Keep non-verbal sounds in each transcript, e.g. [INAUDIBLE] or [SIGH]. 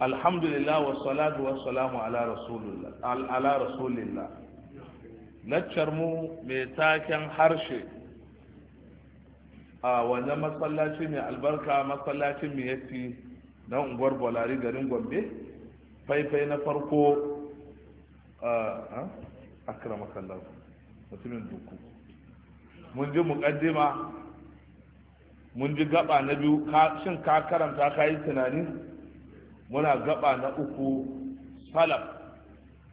alhamdulillah wa salatu wa salamu ala rasulillah laccar mu mai taken harshe a wannan masallaci mai albarka masallacin miyatti don unguwar bolari garin gombe faifai na farko a akramakallahu mutumin duku mun ji muƙaddima mun ji gaba na biyu shin ka karanta ka yi tunani muna gaba na uku salaf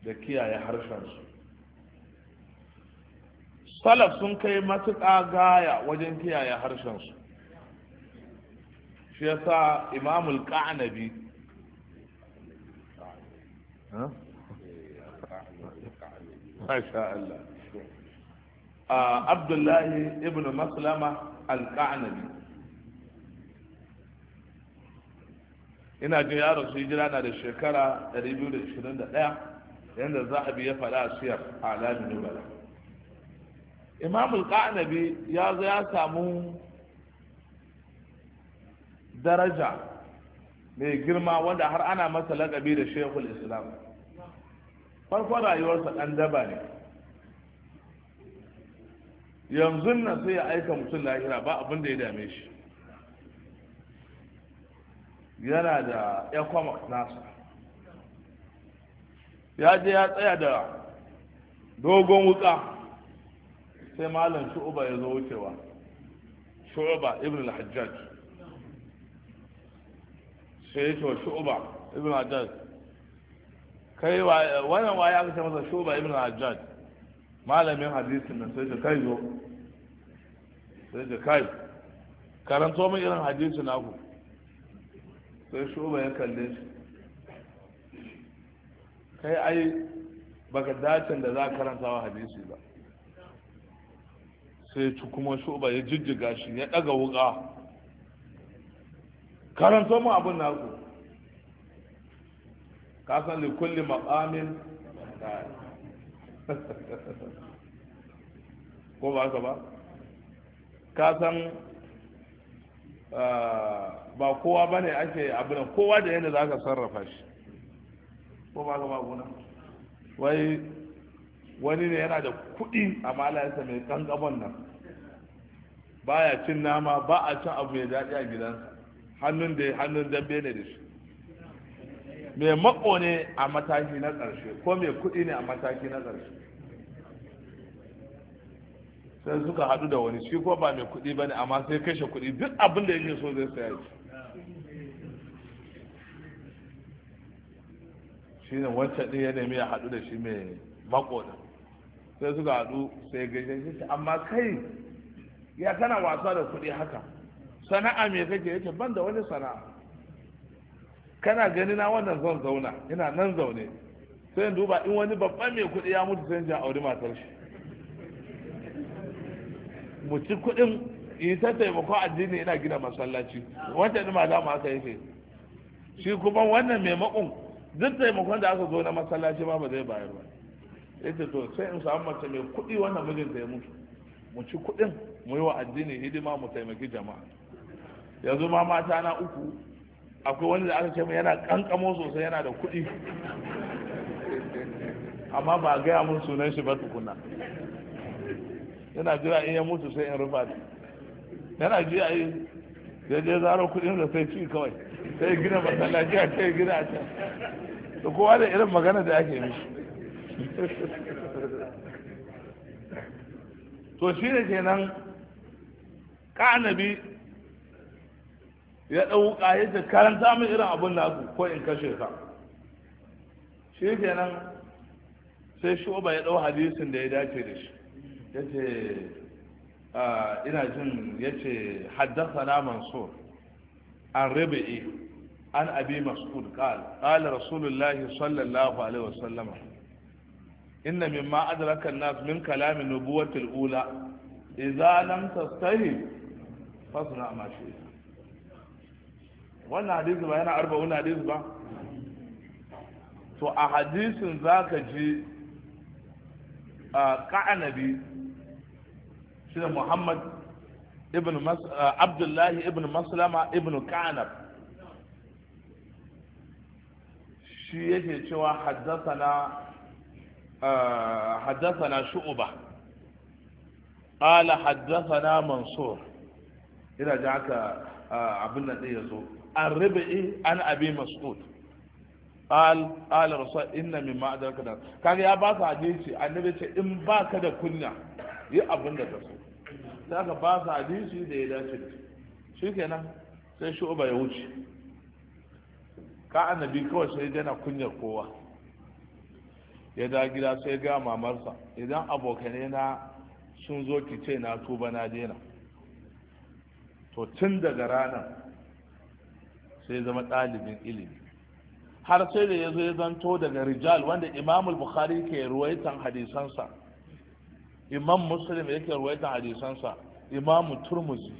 da kiyaye harshensu salaf sun kai matuƙa gaya wajen kiyaye harshensu shi ya sa imamul ka'anabi Allah. Abdullahi ibn Maslama al-Ka'anabi ina jin ya rasu hijira na da shekara 221 yadda zahabi ya faɗa a siyar a alamin nubala imamul ƙa'anabi ya zo ya samu daraja mai girma wanda har ana masa lagabi da shekul islam farko rayuwarsa ɗan daba ne yanzu nan sai ya aika mutum lahira ba abin da ya dame shi yana da ecomax nasa ya je ya tsaya da dogon wuka sai malam shu'uba ya zo wucewa shu'uba ibn al-hajjaj sai to ce shu'uba ibn al-hajjaj kai wannan waya aka ce masa shu'uba ibn al-hajjaj malamin hadisin nan sai ce kai zo sai ce kai karanto min irin hadisin naku sai shuba ya kalle shi kai ai baka dacin da za ka karanta wa hadisi ba sai ci kuma shuba ya jijjiga shi ya daga wuka karanta mu abin naku ka san li kulli maqamin [LAUGHS] ko ba ka ba ka san Ah, ba kowa ba ne ake abin kowa da yadda za ka sarrafa shi ko ba ga maguna wai wani ne yana da kuɗi a malayensa mai gabon nan Ba ya cin nama ba a cin abu mai daɗi a gidansa hannun da hannun dambe ne da shi mai mako ne a mataki na ƙarshe ko mai kuɗi ne a mataki na ƙarshe sai suka haɗu da wani shi ko ba mai kuɗi ba ne amma sai kashe kuɗi duk abin da yake so zai saya shi shi ne wancan ɗin ya nemi ya haɗu da shi mai makoda sai suka haɗu sai gaishe shi amma kai ya kana wasa da kuɗi haka sana'a me kake yake ban da wani sana'a kana gani na wannan zan zauna ina nan zaune sai duba in wani babban mai kuɗi ya mutu sai ya auri matar shi mu ci kuɗin yi ta taimako addini ina gina masallaci wata ɗima da mu aka yake shi kuma wannan maimakon duk taimakon da aka zo na masallaci ma ba zai bayar ba yace to sai in samu mace mai kuɗi wannan mijinta ya mutu mu ci kuɗin mu yi wa addini hidima mu taimaki jama'a yanzu ma mata na uku akwai wani da aka ce yana kankamo sosai yana da kuɗi amma ba a gaya mun sunan shi ba tukuna yana jira in ya mutu sai in rufa shi yana jira in ya je zaro kudin da sai ci kawai sai gina masallaci a kai gina a da kowa da irin magana da ake mishi to shi ne kenan kanabi ya ɗauka ya da karanta mai irin abin naku ko in kashe ka shi kenan sai shuba ya ɗau hadisin da ya dace da shi Yace ah, ina jin yace haddasa na mansur an rabi'i an abi mas'ud qal qala rasulullahi sallallahu alaihi wasallam inna mimma adraka an-nas min kalami nubuwati al-ula idza lam tastahi fasna ma shi'ta wannan hadisi ba yana arba'un hadisi ba to a hadisin zaka ji a ah, ka'anabi shi muhammad ibn uh, abdullahi ibn maslama ibn kanab shi yake cewa haddasana uh, haddasana shu'uba qala haddasana mansur ina ji haka uh, abin nan ɗaya zo an rubu'i an abi mas'ud qal qala rasul inna mimma adraka da kaga ya ba su hadisi annabi ce in baka da kunya yi ka so sai aka ba su hadisi da ya dace da shi kenan sai uba ya wuce ka annabi kawai sai dana kunyar kowa ya da gida sai ga mamarsa idan abokanai na sun zo ki ce na tuba na dena to tun daga ranar sai zama ɗalibin ilimi har sai da ya zo ya zanto daga rijal wanda imamul bukhari ke ruwaitan hadisansa imam muslim yake ruwaitan hadisansa imam turmuzi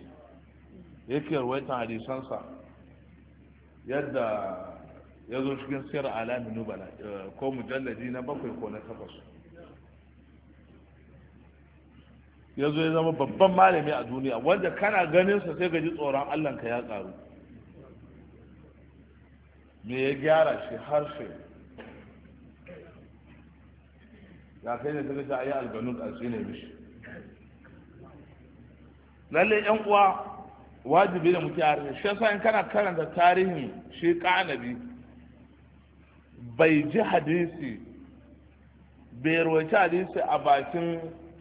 yake ruwaitan hadisansa yadda ya zo cikin sayar alamin nubala eh, ko mujalladi na bakwai ko na takwas ya zo ya zama babban malami a duniya wanda kana ganinsa sai gaji tsoron allanka ya karu me ya gyara shi harshe ga kai ne suka ce ayi albanun a ne mishi lalle yan uwa wajibi da muke harshe shi yasa in kana karanta tarihin shi ƙanabi. bai ji hadisi bai rawaci hadisi a bakin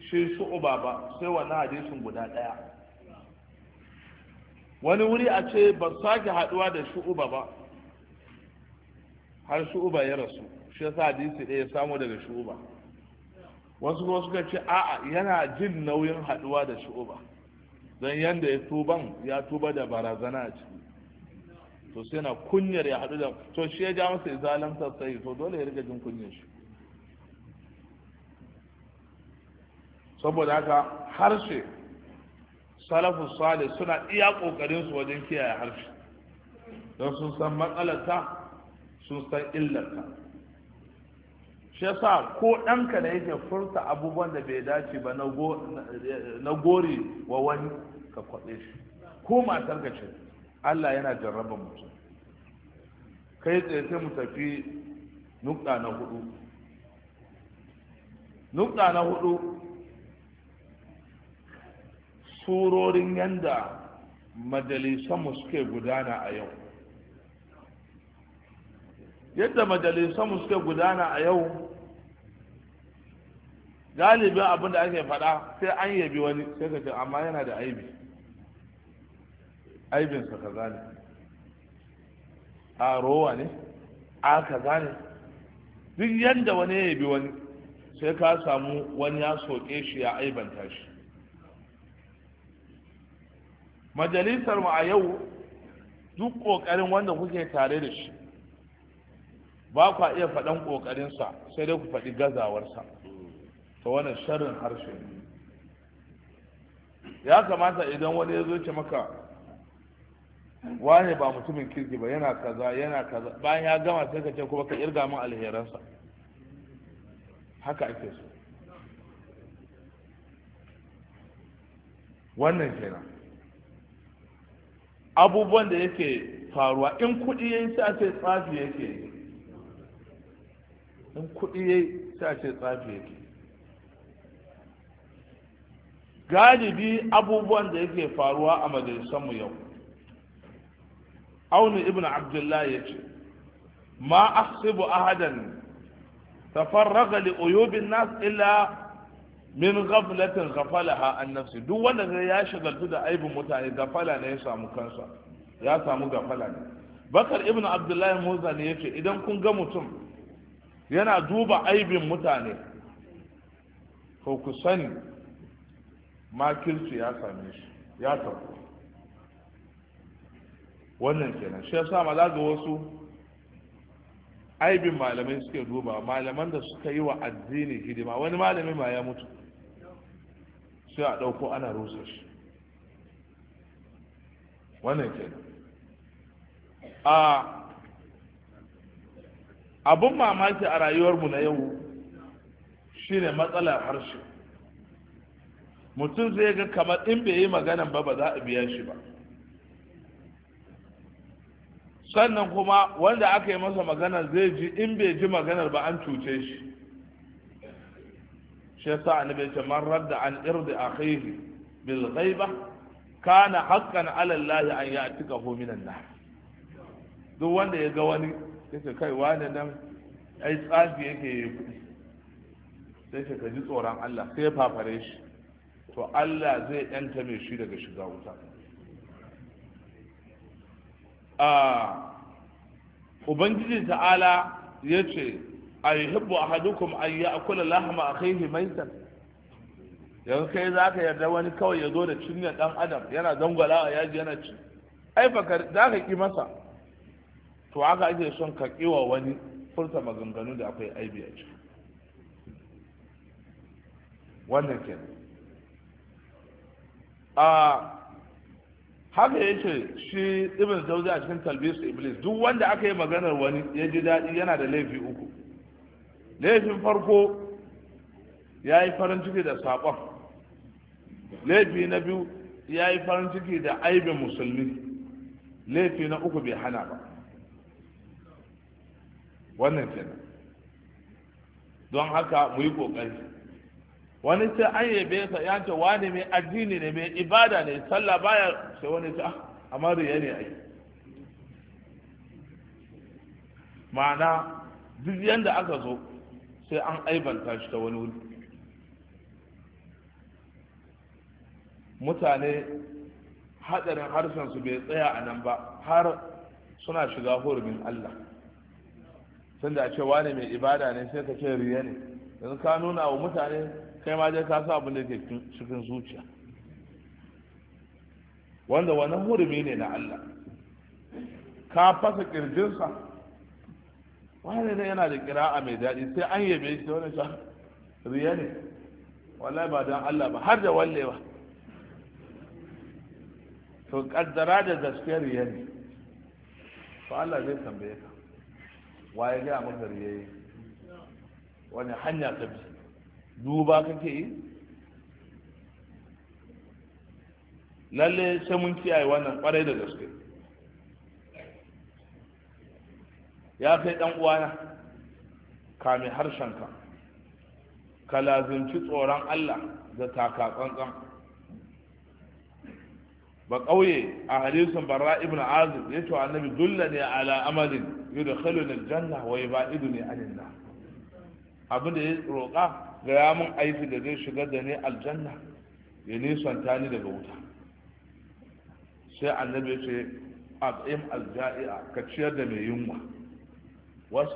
shi shu'uba ba sai wannan hadisin guda ɗaya. wani wuri a ce ba sake haduwa da shu'uba ba har shu'uba ya rasu shi yasa hadisi ɗaya ya samo daga shu'uba wasu kuma suka ce a'a yana jin nauyin haduwa da shu'uba don yadda ya tuban ya tuba da barazana a ciki to sai na kunyar ya hadu da to shi ya ja masa izalan sassai to dole ya riga jin kunyar shi saboda haka harshe salafu salih suna iya kokarin su wajen kiyaye harshe don sun san matsalarta sun san illarta shi yasa ko ɗanka da yake furta abubuwan da bai dace ba na gori wa wani ka kwaɗe shi ko matar ka ce Allah yana jarraba mutum kai tsaye sai mu tafi nukta na hudu nukta na hudu surorin yanda majalisanmu suke gudana a yau yadda majalisanmu suke gudana a yau galibin abin da ake faɗa sai an yabi wani sai ka ce amma yana da aibi aibinsa kaza ne a rowa ne a kaza ne duk yadda wani ya yabi wani sai ka samu wani ya soke shi ya aibanta shi majalisar mu a yau duk ƙoƙarin wanda kuke tare da shi ba kwa iya faɗan ƙoƙarinsa sai dai ku faɗi gazawarsa ta wani sharrin harshe ya kamata idan wani ya zoce maka wane ba mutumin kirki ba yana kaza yana kaza bayan ya gama sai ka ce kuma ka irga min alheransa haka ake so wannan kenan abubuwan da yake faruwa in kuɗi ya yi sa a ce tsafi yake in kuɗi ya yi sa ce tsafi yake galibi abubuwan da yake faruwa a majalisar mu yau auni ibn abdullahi ya ce ma ahsibu ahadan tafarraga li uyubin nas illa min ghaflatin ghafalaha an nafsi duk wanda ya shagaltu da aibin mutane gafala ne ya samu kansa ya samu gafala ne bakar ibn abdullahi musa ne yace idan kun ga mutum yana duba aibin mutane ko ku sani makirci ya same shi ya tafi wannan kenan shi yasa ma za ga wasu aibin malamai suke duba malaman da suka yi wa addini hidima wani malami ma ya mutu sai a ɗauko ana rusa shi wannan kenan a abun mamaki a rayuwarmu na yau shine matsalar harshe mutum zai ga kamar in bai yi maganan ba ba za a biya shi ba sannan kuma wanda aka yi masa magana zai ji in bai ji maganar ba an cuce shi shi yasa annabi ce man radda an irdi akhihi bil ghaiba kana haqqan ala Allah an ya'tikahu minan nar duk wanda ya ga wani yace kai wani nan ai tsafi yake yi kudi sai ka ji tsoron Allah sai ya fafare shi to Allah zai yanta mai shi daga shiga wuta a ubangiji ta'ala ya ce a yi hibbu a hadukum a yi akula lahama a kai himaita yanzu kai za ka yarda wani kawai ya zo da cinye ɗan adam yana dangwala a yaji yana ci ai fakar za ka ƙi masa to haka ake son ka ƙiwa wani furta maganganu da akwai aibi a ciki wannan kenan haka yake shi ibn jauzi a cikin talbis iblis duk wanda aka yi maganar wani ya ji daɗi yana da laifi uku laifin farko ya yi farin ciki da saƙon laifi na biyu ya yi farin ciki da aibin musulmi laifi na uku bai hana ba wannan kenan don haka mu yi ƙoƙari wani ce an yabe sa yanta wani mai addini ne mai ibada ne sallah baya sai wani ce ah, amma riya ne ai ma'ana duk yanda aka zo sai an aibanta shi ta wani wuri mutane hadarin harshen su bai tsaya a nan ba har suna shiga hurumin Allah sanda a ce wani mai ibada ne sai ka ce riya ne yanzu ka nuna wa mutane kai ma dai ka sa abin da ke cikin zuciya wanda wannan hurumi ne na Allah ka fasa kirjinsa wani ne yana da kira'a mai daɗi sai an yabe shi wani sha riya ne wallahi ba don Allah ba har da wallewa to kaddara da gaske riya ne to Allah zai tambaye ka waye ga maka riya wani hanya ta bi duba kake yi lalle sai mun kiyaye wannan kwarai da gaske ya kai dan uwana mai harshen ka lazimci tsoron Allah da taka tsantsan ba ƙauye a hadisin barra Ibnu azib ya ce annabi dulla ne ala amalin yudkhiluni aljanna wa ne anin nar abin da ya roƙa Gaya mun aiki da zai shiga da ne aljanna ya nisanta ni daga wuta sai annabi ya ce abim alja'i'a ka ciyar da mai yunwa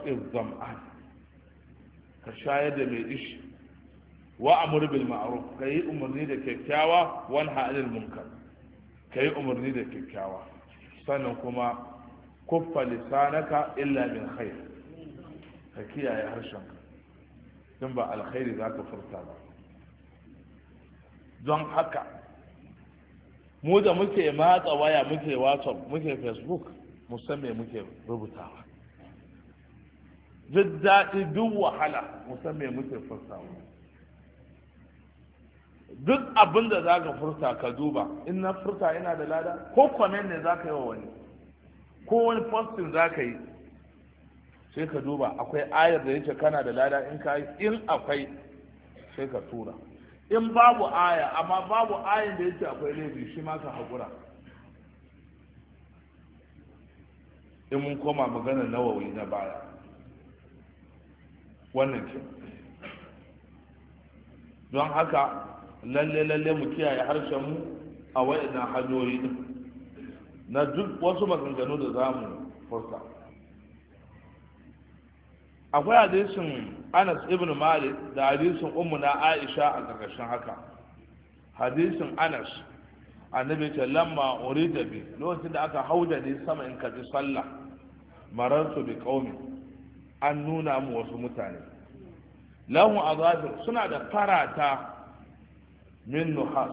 is zam'an ka shayar da mai ishi wa amur bil ma'ruf ka yi umarni da kyakkyawa wan ha'anil munkar ka yi umarni da kyakkyawa sannan kuma kuffa lisanaka illa min khair ka kiyaye harshenka don ba alkhairi za ka furta ba don haka mu da muke matsa waya muke watsa muke facebook musamman muke rubutawa duk daɗi duk wahala musamman muke furtawa duk abin da za ka furta ka duba in na furta ina da lada ko kwamen ne za ka yi wa wani ko wani postin za ka yi sai ka duba akwai ayar da yake kana da lada in ka in akwai sai ka tura in babu aya amma babu ayin da yake akwai laifi shi ma ka haƙura in mun koma magana nawawi na baya wannan ke don haka lalle lalle mu kiyaye harshen mu a waɗannan hanyoyi na duk wasu maganganu da za mu furta akwai hadisin anas ibn malik da hadisin ummu na aisha a ƙarƙashin haka hadisin anas annabi ce lamma urida bi lokacin da aka hauda ni sama in kaji sallah marartu bi qaumi an nuna mu wasu mutane lahu azafir suna da farata min nuhas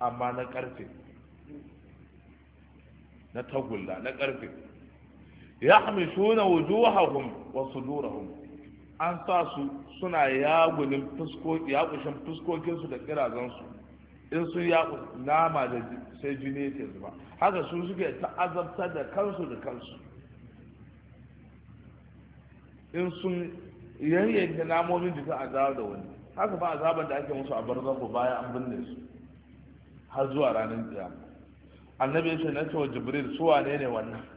amma na karfe na tagulla na karfe yahmishuna wujuhahum wa sudurahum an sa su suna yagunin fuskoki yakushin fuskokin su da kirazan su in sun yaku nama da sai jini ke zuba haka su suke ta'azabtar da kansu da kansu in sun yayyanke namomin jikin a dawo da wani haka ba azaban da ake musu a barzanku baya an binne su har zuwa ranar kiyama annabi ya ce na cewa jibril su ne ne wannan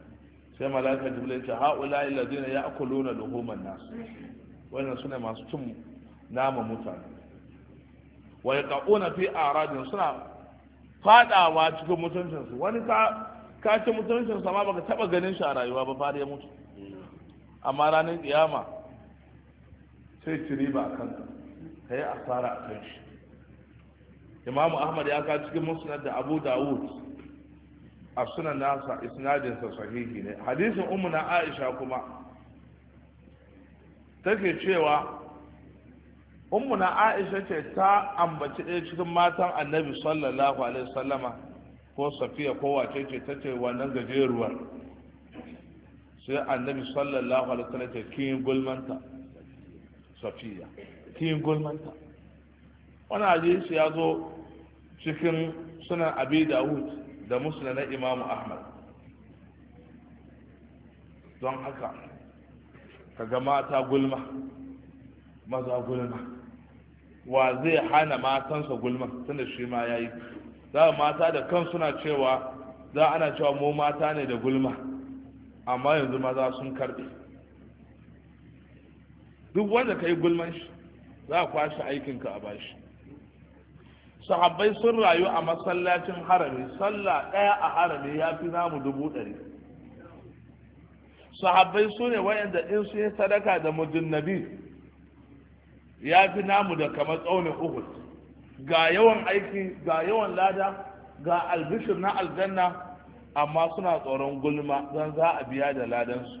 sai malaka jibril ce haula alladhina ya'kuluna luhuman nas wannan suna masu cin nama mutane wa yaquna fi aradin suna fadawa cikin mutuncin su wani ka ka ci mutuncin sa ma baka taba ganin shi a rayuwa ba fare ya mutu amma ranar kiyama sai ci riba a kanka kai asara a kan shi imamu ahmad ya ka cikin musnad da abu dawud a sunan nasa isnadinsa sahihi ne hadisin na aisha kuma take cewa na aisha ce ta ambaci ɗaya cikin matan annabi sallallahu alaihi sallama ko safiya ko wace ce ta ce wannan gajeruwar sai annabi sallallahu alaihi sallama ce kin gulmanta safiya kin gulmanta wani hadisi ya zo cikin sunan abi dawud da musna na imamu ahmad don haka kaga mata gulma maza gulma wa zai hana matansa gulma tunda shi ma ya yi za mata da kan suna cewa za ana cewa mu mata ne da gulma amma yanzu maza sun karbe duk wanda ka yi gulman shi za a kwashe aikinka a bashi sahabbai sun rayu a masallacin harami sallah ɗaya a harami ya fi namu dubu ɗari sahabbai su ne wayanda in sun yi sadaka da mujinnabi ya fi namu da kamar tsaunin uhud ga yawan aiki ga yawan lada ga albishir na aljanna amma suna tsoron gulma don za a biya da ladansu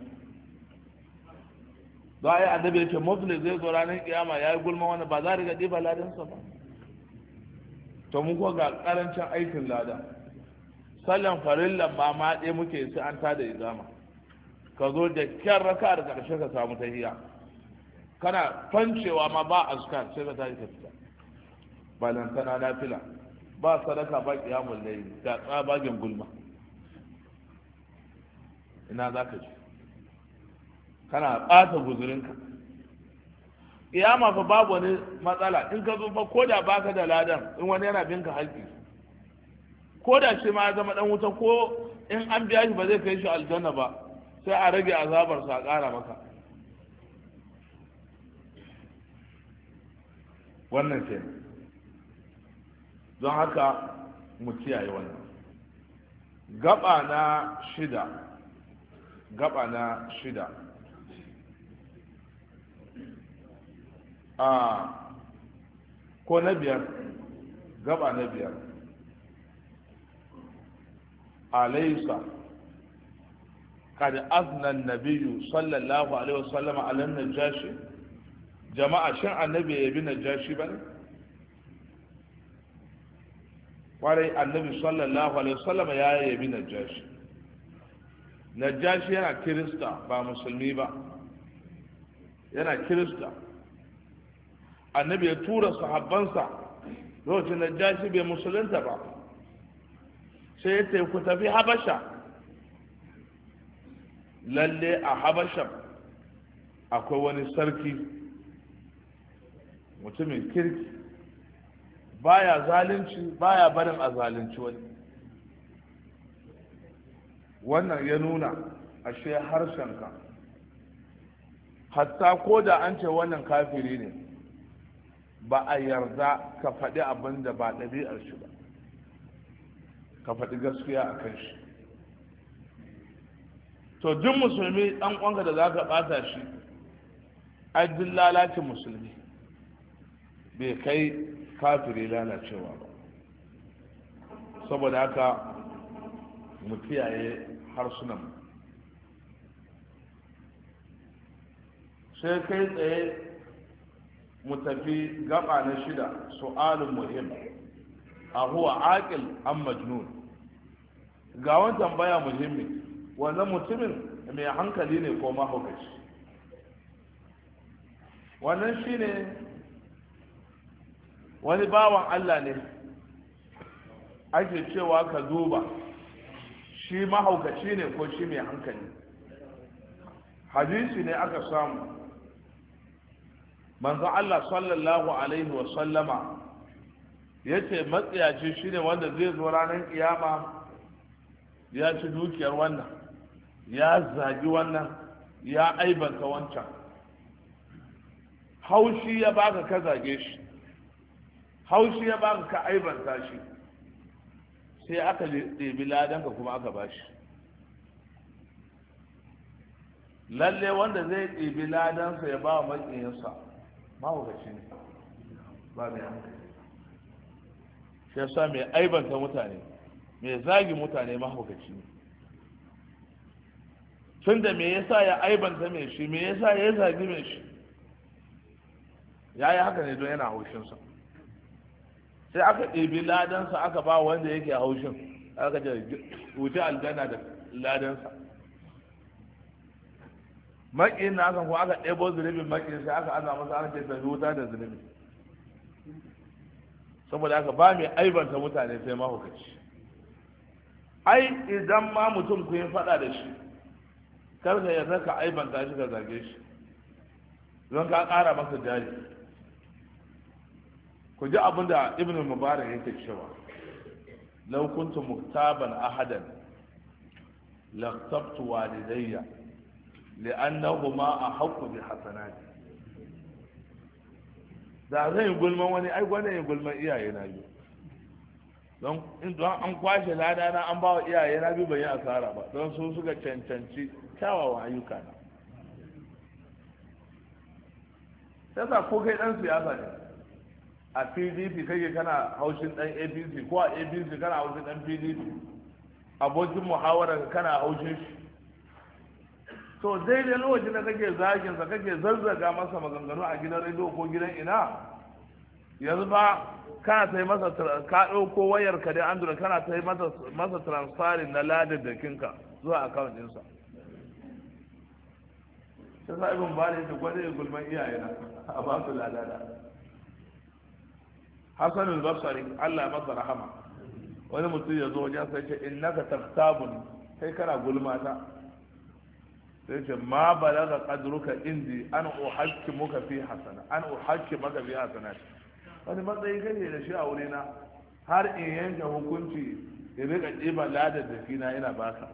za a yi annabi ya ce muslim zai zo ranar kiyama ya yi gulma wani ba za a riga ɗiba ladansa ba to mun ga karancin aikin lada sallan farillan ba ma ɗaya muke su an tada izama. ka zo da kyan raka da ƙarshe ka samu ta hiya kana fancewa ma ba azkar sai ka tashi ka fita balantana na fila ba sadaka ba kiyamun laili da tsabagen gulma ina za ka ji kana ɓata guzurinka kiyama fa babu wani matsala in ka zo fa ko da baka da ladan in wani yana binka haƙƙi ko da shi ma ya zama dan wuta ko in an biya shi ba zai kai shi aljanna ba sai a rage azabar sa a ƙara maka wannan ce don haka mu kiyaye wannan gaba na shida gaba na shida a ko na biyar gaba na biyar alaisa kada aznan nabiyu sallallahu alaihi wasallam alan najashi jama'a shin annabi ya bi najashi ba ne kwarai annabi sallallahu alaihi wasallam ya yabi najashi najashi yana kirista ba musulmi ba yana kirista annabi ya tura sahabbansa lokacin da jashi bai musulunta ba sai ya ce ku tafi habasha lalle a habasha akwai wani sarki mutumin kirki baya zalunci baya barin a zalunci wani wannan ya nuna ashe harshenka hatta ko da an ce wannan kafiri ne ba a yarda ka faɗi abin da ba ɗabi'ar shi ba ka faɗi gaskiya a kan shi to duk musulmi ɗan ƙwanka da za ka ɓata shi ai duk lalace musulmi bai kai kafiri lalacewa ba saboda haka mu kiyaye harsunan sai kai tsaye mu tafi gaba na shida su'alun muhim a huwa aqil am majnun ga wani tambaya muhimmi wannan mutumin mai hankali ne ko mahaukaci wannan shine wani bawan Allah ne ake cewa ka duba shi mahaukaci ne ko shi mai hankali hadisi ne aka samu manzo Allah sallallahu alaihi wa sallama yace matsiyaci shine wanda zai zo ranar kiyama ya ci dukiyar wannan ya zagi wannan ya aibanta wancan haushi ya baka ka zage shi haushi ya baka ka aibanta shi sai aka ɗebi ladanka kuma aka bashi lalle wanda zai ɗebi ladansa ya ba wa matsayinsa mahaukaci ne ba da hankali shi yasa mai aibanta mutane mai zagi mutane mahaukaci ne tun da mai yasa ya aibanta mai shi me yasa ya zagi mai shi ya yi haka ne don yana haushinsa sai aka ɗebi ladansa aka ba wanda yake haushin aka ce wuce aljanna da ladansa maƙiyin na aka kuwa aka ɗebo zunubin maƙiyin sai aka ana masa aka ce wuta da zunubi saboda aka ba mai aibanta mutane sai mahukaci ai idan ma mutum ku yi faɗa da shi kar ka yarda ka aibanta shi ka zage shi don ka ƙara masa jari ku ji abin da ibn mubarak yake cewa law kuntu muktaban ahadan laqtabtu walidayya li'annahuma ahqqu bi hasanati da zai gulman wani ai gwada ya gulman iyaye na biyu don in don an kwashe lada na an bawa iyaye na biyu ban yi asara ba don su suka cancanci kyawawan ayyuka na yasa ko kai dan siyasa ne a pdp kake kana haushin dan apc ko a apc kana haushin dan pdp abokin muhawarar kana haushin shi to daidai lokacin da kake zagin sa kake zazzaga masa maganganu a gidan rediyo ko gidan ina yanzu ba kana ta yi masa ka ɗauko wayar ka dai andura kana ta masa masa transferin na da kinka zuwa account ɗinsa sai sa ibn bali da gwada gulman iyayena a ba su ladada hasan al-basri Allah ya masa rahama wani mutum ya zo wajen sai ce innaka taftabun kai kana gulmata sai ce ma balaga qadruka indi an muka fi hasana an maka fi hasana wani matsayi kai da shi a wurina har in yanke hukunci ya rika ɗiba ladar da fina ina baka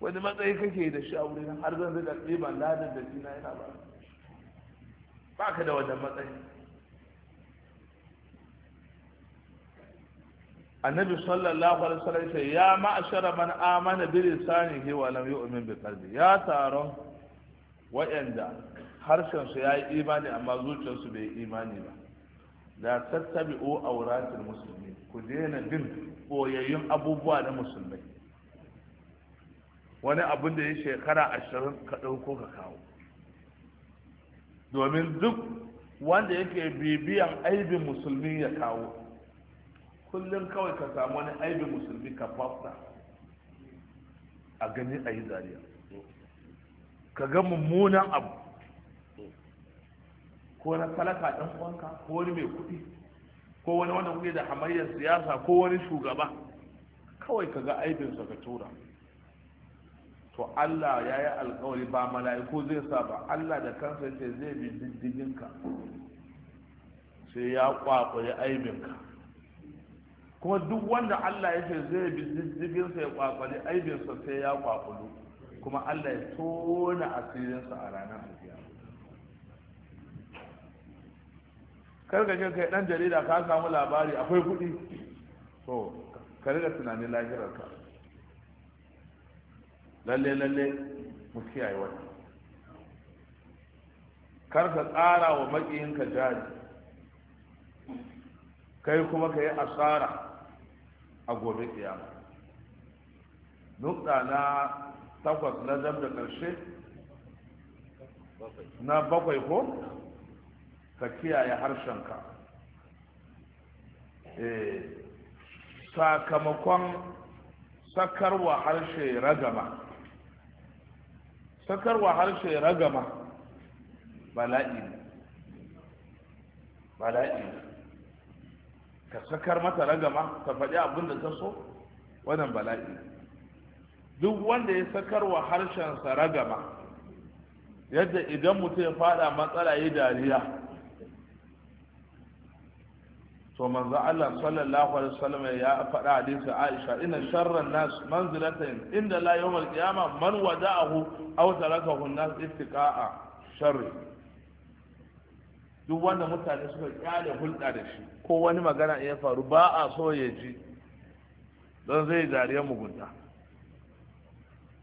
wani matsayi kake da shi a wurina har zan rika ɗiba ladar da fina ina baka baka da wannan matsayi annabi sallallahu alaihi wasallam sai ya ma'ashara man amana bi lisanihi wa lam yu'min bi qalbi ya taron wa'anda harshen su yayi imani amma zuciyarsu bai imani ba la tattabi'u awratil muslimin ku daina bin boyayyun abubuwa na musulmai wani abu da ya shekara ashirin ka ɗauko ka kawo domin duk wanda yake bibiyan aibin musulmi ya kawo kullum kawai ka samu wani aibin musulmi ka fafta a gani a yi zariya ka ga mummunan abu ko na talaka ɗan uwanka ko wani mai kuɗi ko wani wanda kuke da hamayyar siyasa ko wani shugaba kawai ka ga aibinsa ka tura to Allah ya yi alkawari ba mala'iku zai sa ba Allah da kansa ce zai bi diddiginka sai ya kwakwari aibinka kuma duk wanda Allah ya ce zai bi diddigin ya kwakwali aibin sai ya kwakwalo kuma Allah ya tona asirin a ranar alkiyama kar ka kai dan jarida ka samu labari akwai kuɗi to ka riga tunanin lahirarka lalle lalle mu kiyaye wannan kar ka tsara wa maƙiyinka jari kai kuma ka yi asara a gobe kiyama nukta na takwas na dab da karshe na bakwai ko ka kiyaye harshenka eh, sakamakon sakarwa harshe ragama sakarwa harshe ragama bala'i bala'i ka sakar mata ragama ka faɗi abin da ta so wannan bala'i duk wanda ya sakar wa sa ragama yadda idan mutum ya fada matsala yi dariya to manzo Allah sallallahu alaihi wasallam ya faɗa hadisi Aisha inna sharran nas manzilatan inda la yawmal qiyamah man wada'ahu aw tarakahu an-nas istiqa'a sharri duk wanda mutane suka kyale hulɗa da shi ko wani magana ya faru ba a so ya ji don zai dariyar mugunta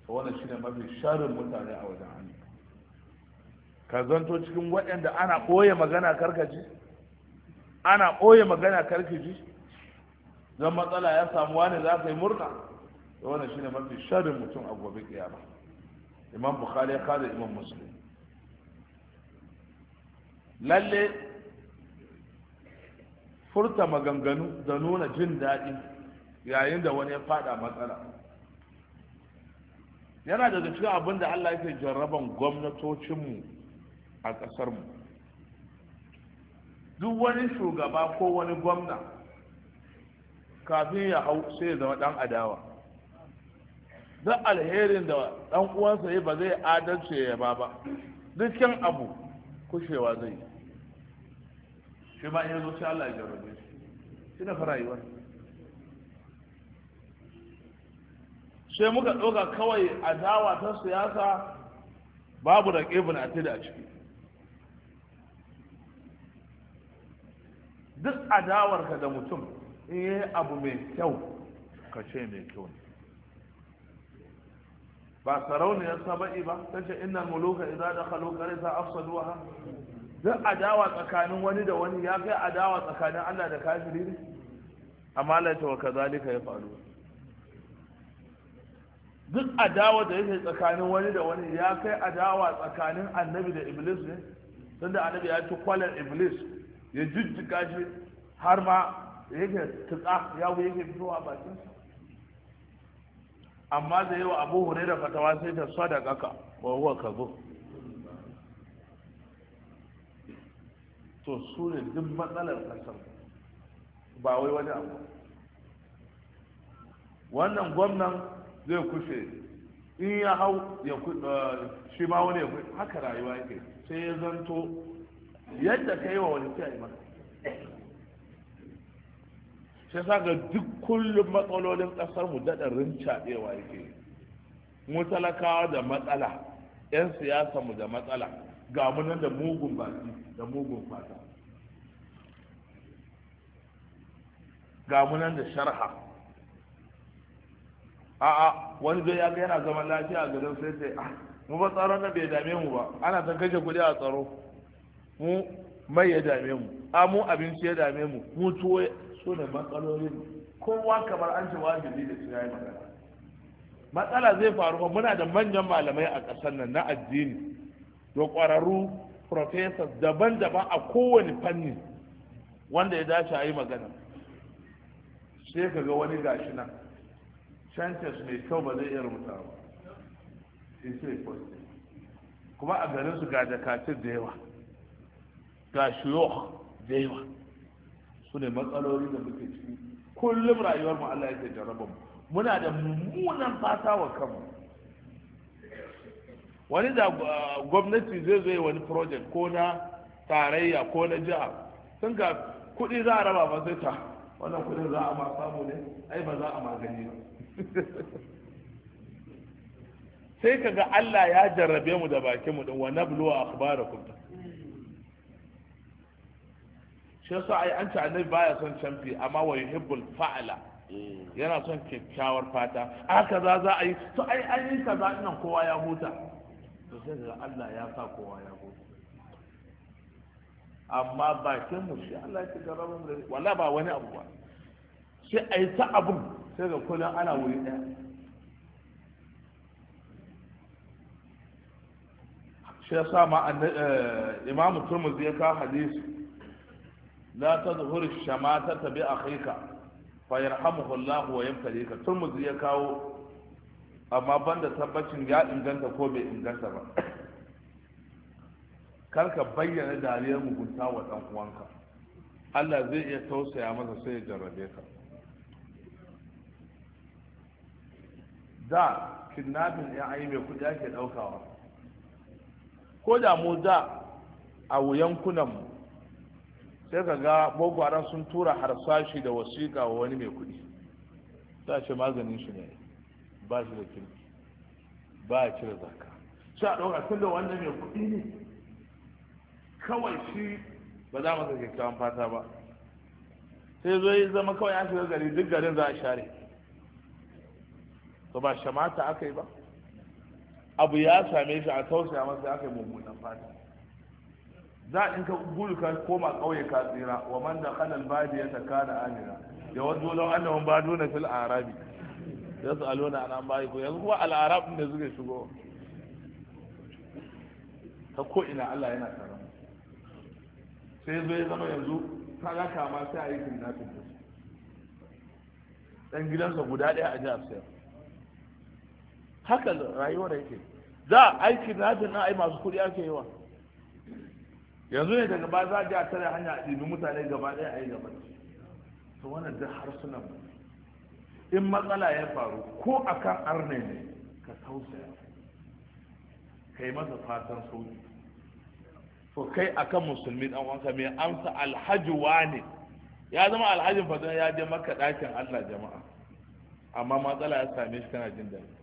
wannan ne mafi sharin mutane a wajen hannu ka zanto cikin waɗanda ana ɓoye magana karkaji ana ɓoye magana karkaji don matsala ya samu wani za ka yi murna wannan ne mafi sharin mutum a gobe kiyama imam bukhari ya kada imam muslim lalle furta maganganu da nuna jin daɗi yayin da wani ya faɗa matsala yana da cikin abin da allah yake jarraban gwamnatocinmu a ƙasarmu duk wani shugaba ko wani gwamna kafin ya hau sai ya zama ɗan adawa duk alherin da ɗan uwansa ya ba zai adalce ya ba ba dukkan abu kushewa zai yi shi ma ya zo sai Allah ya jarrabe shi shi na rayuwa sai muka ɗauka kawai adawa ta siyasa babu da ƙebin a da a ciki duk adawarka da mutum in eh, yi abu mai kyau ka ce mai kyau ne ba sarauniyar saba'i ba ta ce inna muluka idan da kalu karisa afsaduwa duk adawa tsakanin wani da wani ya kai adawa tsakanin Allah da kafiri ne amma la ta waka zalika ya faru duk adawa da yake tsakanin wani da wani ya kai adawa tsakanin annabi da iblis ne tunda annabi ya ci kwalar iblis ya jijjiga shi har ma yake tutsa wuye yake fitowa bakinsa amma da yawa abu hure da fatawa sai ta sadaka ka wa huwa kazo to su ne duk matsalar kasar ba wai wani abu wannan gwamnan zai kushe in ya hau eh, shi ma wani ya haka rayuwa yake sai ya zanto yadda ka yi wa wani fiye maka sai sa ga duk kullum matsalolin kasar mu daɗa rincaɗewa yake mu da matsala 'yan siyasa mu da matsala ga munan da mugun baki da mugun fata ga munan da sharha a'a wani zai ya yana zaman lafiya a garin sai sai ah mu ba tsaron nan bai dame mu ba ana ta kashe kuɗi a tsaro mu mai ya dame mu a mu abinci ya dame mu mu tuwo so ne matsalolin kowa kamar an ce wajibi da su yayi magana matsala zai faru ba muna da manyan malamai a ƙasar nan na addini da ƙwararru professors daban-daban a kowane fanni wanda ya dace a yi magana sai ka ga wani gashi nan chances mai kyau ba zai iya rubuta ba sai sai kuma a garin su ga jakatun da yawa ga shuyok da yawa su ne matsaloli da muke ciki kullum rayuwar mu Allah yake jarabar muna da mummunan fata wa kanmu wani da uh, gwamnati zai zo wani project ko na tarayya ko na jiha sun ga kuɗi za a raba ba sai ta wannan kuɗin za a ma samu ne ai ba za a magani ba [LAUGHS] sai ka ga Allah ya jarrabe mu da bakin mu din wa wa akhbarakum shi yasa ai an ci annabi baya son canfi amma wa yuhibbul fa'ala mm. yana son kyakkyawar fata aka kaza za a yi to ai an yi kaza nan kowa ya huta to sai ga Allah ya sa kowa ya amma bakin mu shi Allah ya tsara mu wala ba wani abu ba sai a ta abun sai ga ana wuri shi ya sa ma eh, imam turmuzi ya hadisi la shamata bi akhika fa yarhamuhu Allah wa yamtalika turmuzi ya kawo amma ban da tabbacin ya inganta ko bai inganta ba karka bayyana dariyar mugunta wa dan uwanka Allah zai iya tausaya masa sai ya jarrabe ka da kidnapping ya ayi mai kudi ake ɗaukawa. ko da mu da a yankunan mu sai ka ga boko sun tura harsashi da wasiƙa wa wani mai kuɗi, ta ce maganin shi ne ba shi da kirki ba a cire shi sha ɗauka tun da wannan mai kuɗi ne kawai shi ba za masa kyakkyawan fata ba sai zo yi zama kawai ya shiga gari duk garin za a share to ba shamata aka yi ba abu ya same shi a tausaya masa aka yi mummunan fata za in ka gudu ka koma ƙauye ka tsira wa man da kanan badiya ta kana amina ya wajen lau annahun baduna fil arabi ya su alona an bayi ko yanzu kuma al'arab da suka shigo ta ko ina Allah yana tare sai zai zama yanzu ta ga kama sai a yi kidnapping da su dan gidansa guda ɗaya a jihar sayar haka rayuwar yake za a aiki nafin na ai masu kuɗi ake yi wa yanzu ne daga ba za a ji a tare hanya a ɗibi mutane gaba ɗaya a yi gaba to wannan duk harsunan mu in matsala ya faru ko akan arne ne ka tausaya kai masa fatan sauki to kai akan musulmi dan wanka mai amsa alhaji wane ya zama alhajin fatan ya je maka dakin Allah jama'a amma matsala ya same shi kana jin daɗi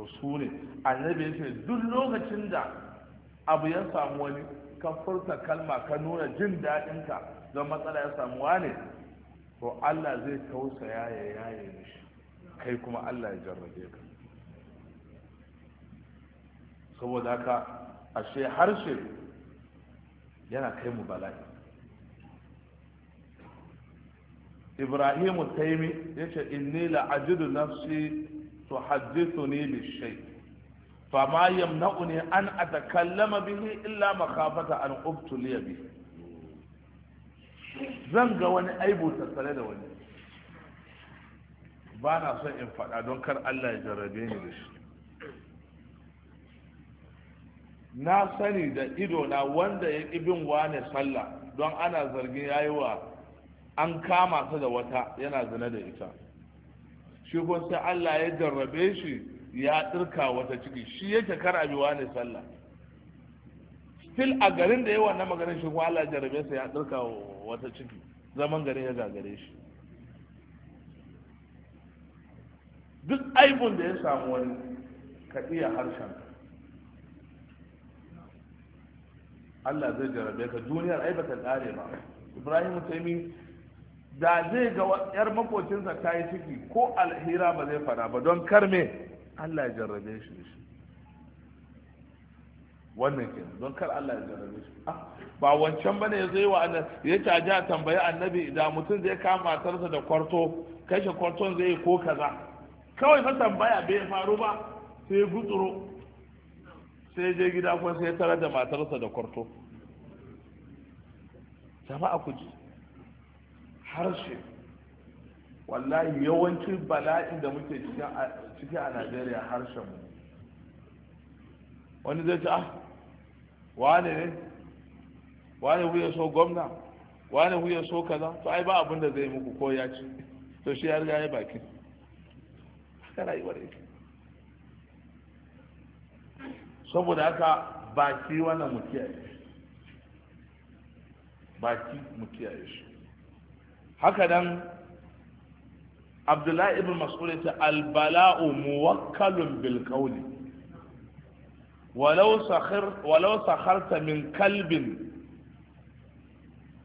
to su ne annabi ya ce duk lokacin da abu ya samu wani ka furta kalma ka nuna jin daɗinka don matsala ya samu ne? to Allah zai tausaya ya yaye kai kuma Allah ya jarrabe ka saboda haka ashe harshe yana kai mu bala'i ibrahimu taimi ya ce inni la'ajidu nafsi tuhaddithuni bishay fama yamna'uni an atakallama bihi illa makafata an ubtuliya bihi zan ga wani aibu tattare da wani ba na son in faɗa don kar Allah ya jarrabe ni da shi na sani da ido na wanda ya ibin wane sallah don ana zargin yayi an kama ta da wata yana zina da ita shi kun sai Allah ya jarrabe shi ya ɗirka wata ciki shi yake kar abi wane sallah still a garin da yawa na maganin shi kuma Allah ya jarrabe sa ya ɗirka wata ciki zaman gari ya gagare shi duk aibun da ya samu wani ka harshen Allah zai jarabe ka duniyar ai bata ba Ibrahim Taimi da zai ga yar makocinsa ta yi ciki ko alhira ba zai fada ba don karme Allah ya jarrabe shi wannan ke don kar Allah ya jarabe shi ah, ba wancan bane ya zai wa annabi ya ce a ji a tambayi annabi da mutum zai kama matarsa da kwarto kashe kwarton zai ko kaza kawai fa tambaya bai faru ba sai gutsuro sai je gida kuma sai tarar da matarsa da kwarto jama'a ku ji harshe wallahi yawancin bala'in da muke cikin a Najeriya harshen mu wani zai ce ah wane ne wane huya so gwamna wane huya so kaza to ai ba abin da zai muku ko ya ci to shi ya riga ya baki haka rayuwar yake saboda haka baki wannan mu kiyaye baki mu kiyaye shi haka nan abdullahi ibn mas'ud ya ce albala'u muwakkalun bil qawli walau sakhir walau min kalbin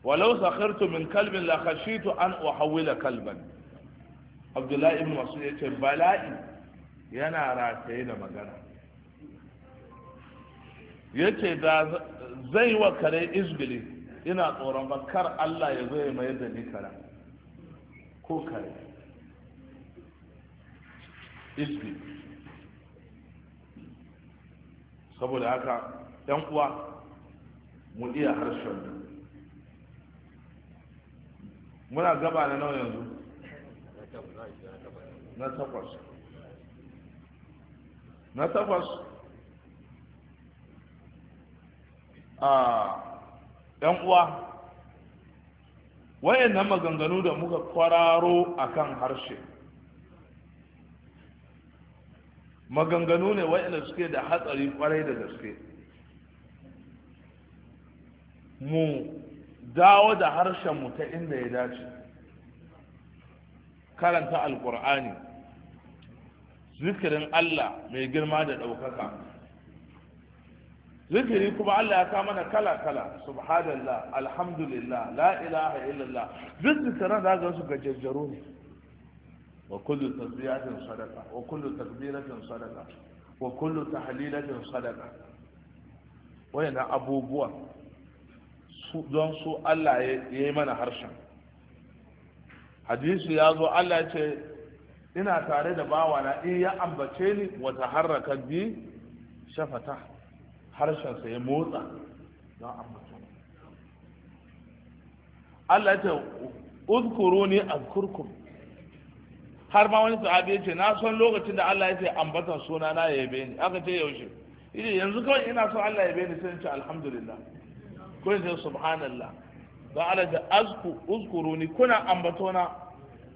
walau sakhartu an uhawwila kalban abdullahi ibn mas'ud yace bala'i yana rataye da magana yace da zai wa kare izbili ina tsoron ba kar Allah ya zo ya mayar da ni kara ko kare izbili saboda haka yan uwa mu iya harshen muna gaba na nawa yanzu na takwas na takwas a yan uwa wayannan maganganu da muka kwararo akan harshe maganganu ne waɗanda suke da hatsari kwarai da gaske mu dawo da harshen mu ta inda ya dace karanta alkur'ani zikirin allah mai girma da ɗaukaka zikiri kuma allah ya kama mana kala kala subhanallah alhamdulillah la ilaha illallah duk zikiran da su gajejjaru ne wa kullu tasbihatin sadaqa wa kullu takbiratin sadaqa wa kullu tahlilatin sadaqa wayana abubuwa su don su Allah ya yi mana harshen hadisi ya zo Allah ya ce ina tare da bawana in ya ambace ni wata harraka bi shafata harshensa ya motsa don ambace Allah ya ce uzkuruni azkurkum har ma wani sahabi ya ce na son lokacin da Allah ya ce ambata suna na ya yabe ni aka ce yaushe yace yanzu kawai ina son Allah ya yabe ni sai ce alhamdulillah ko in ce subhanallah ba ala da azku uzkuruni kuna ambatona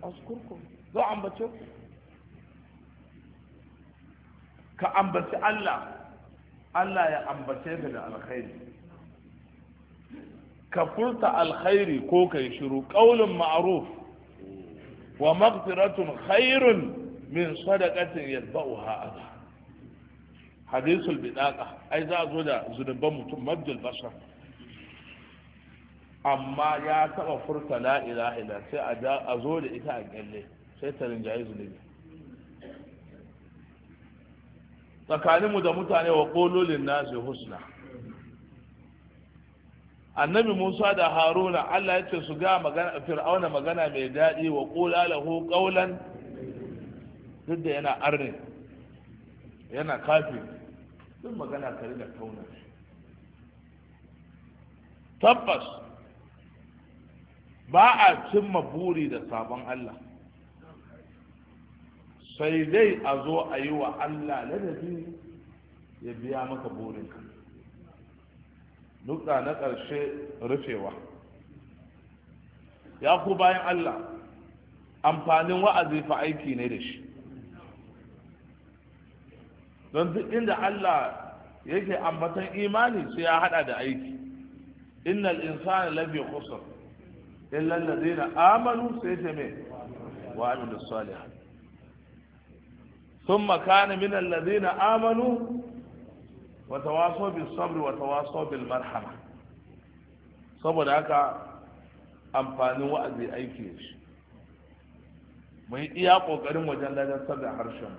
azkurku zo ambace ku ka ambaci Allah Allah ya ambace ka da alkhairi ka furta alkhairi ko kai shiru qaulun ma'aruf wa maghfiratun khairun min sadaqatin yatba'uha adha hadisul bidaqa ai za a zo da zunuban mutum mabdul basar amma ya taɓa furta la ilaha sai a zo da ita a kyalle sai ta zunubi tsakaninmu da mutane wa qulu husna annabi musa da haruna allah ya ce su ga magana fir'auna magana mai daɗi wa ƙula lahu ƙaulan duk da yana arne yana kafi duk magana kare da tauna tabbas ba a cimma buri da sabon allah sai dai a zo a yi wa allah ladabi ya biya maka burinka da na ƙarshe rufewa ya ku bayan Allah amfanin wa'azi fa aiki ne da shi don duk inda Allah yake ambatan imani sai ya hada da aiki innal insana lafi khusr illa alladhina amanu sai ta me wa amilu salihan thumma kana min alladhina amanu Wata waso bil sabr wata waso bil marhama saboda haka amfanin wa'azi aiki shi mu yi iya kokarin wajen ladantar da harshen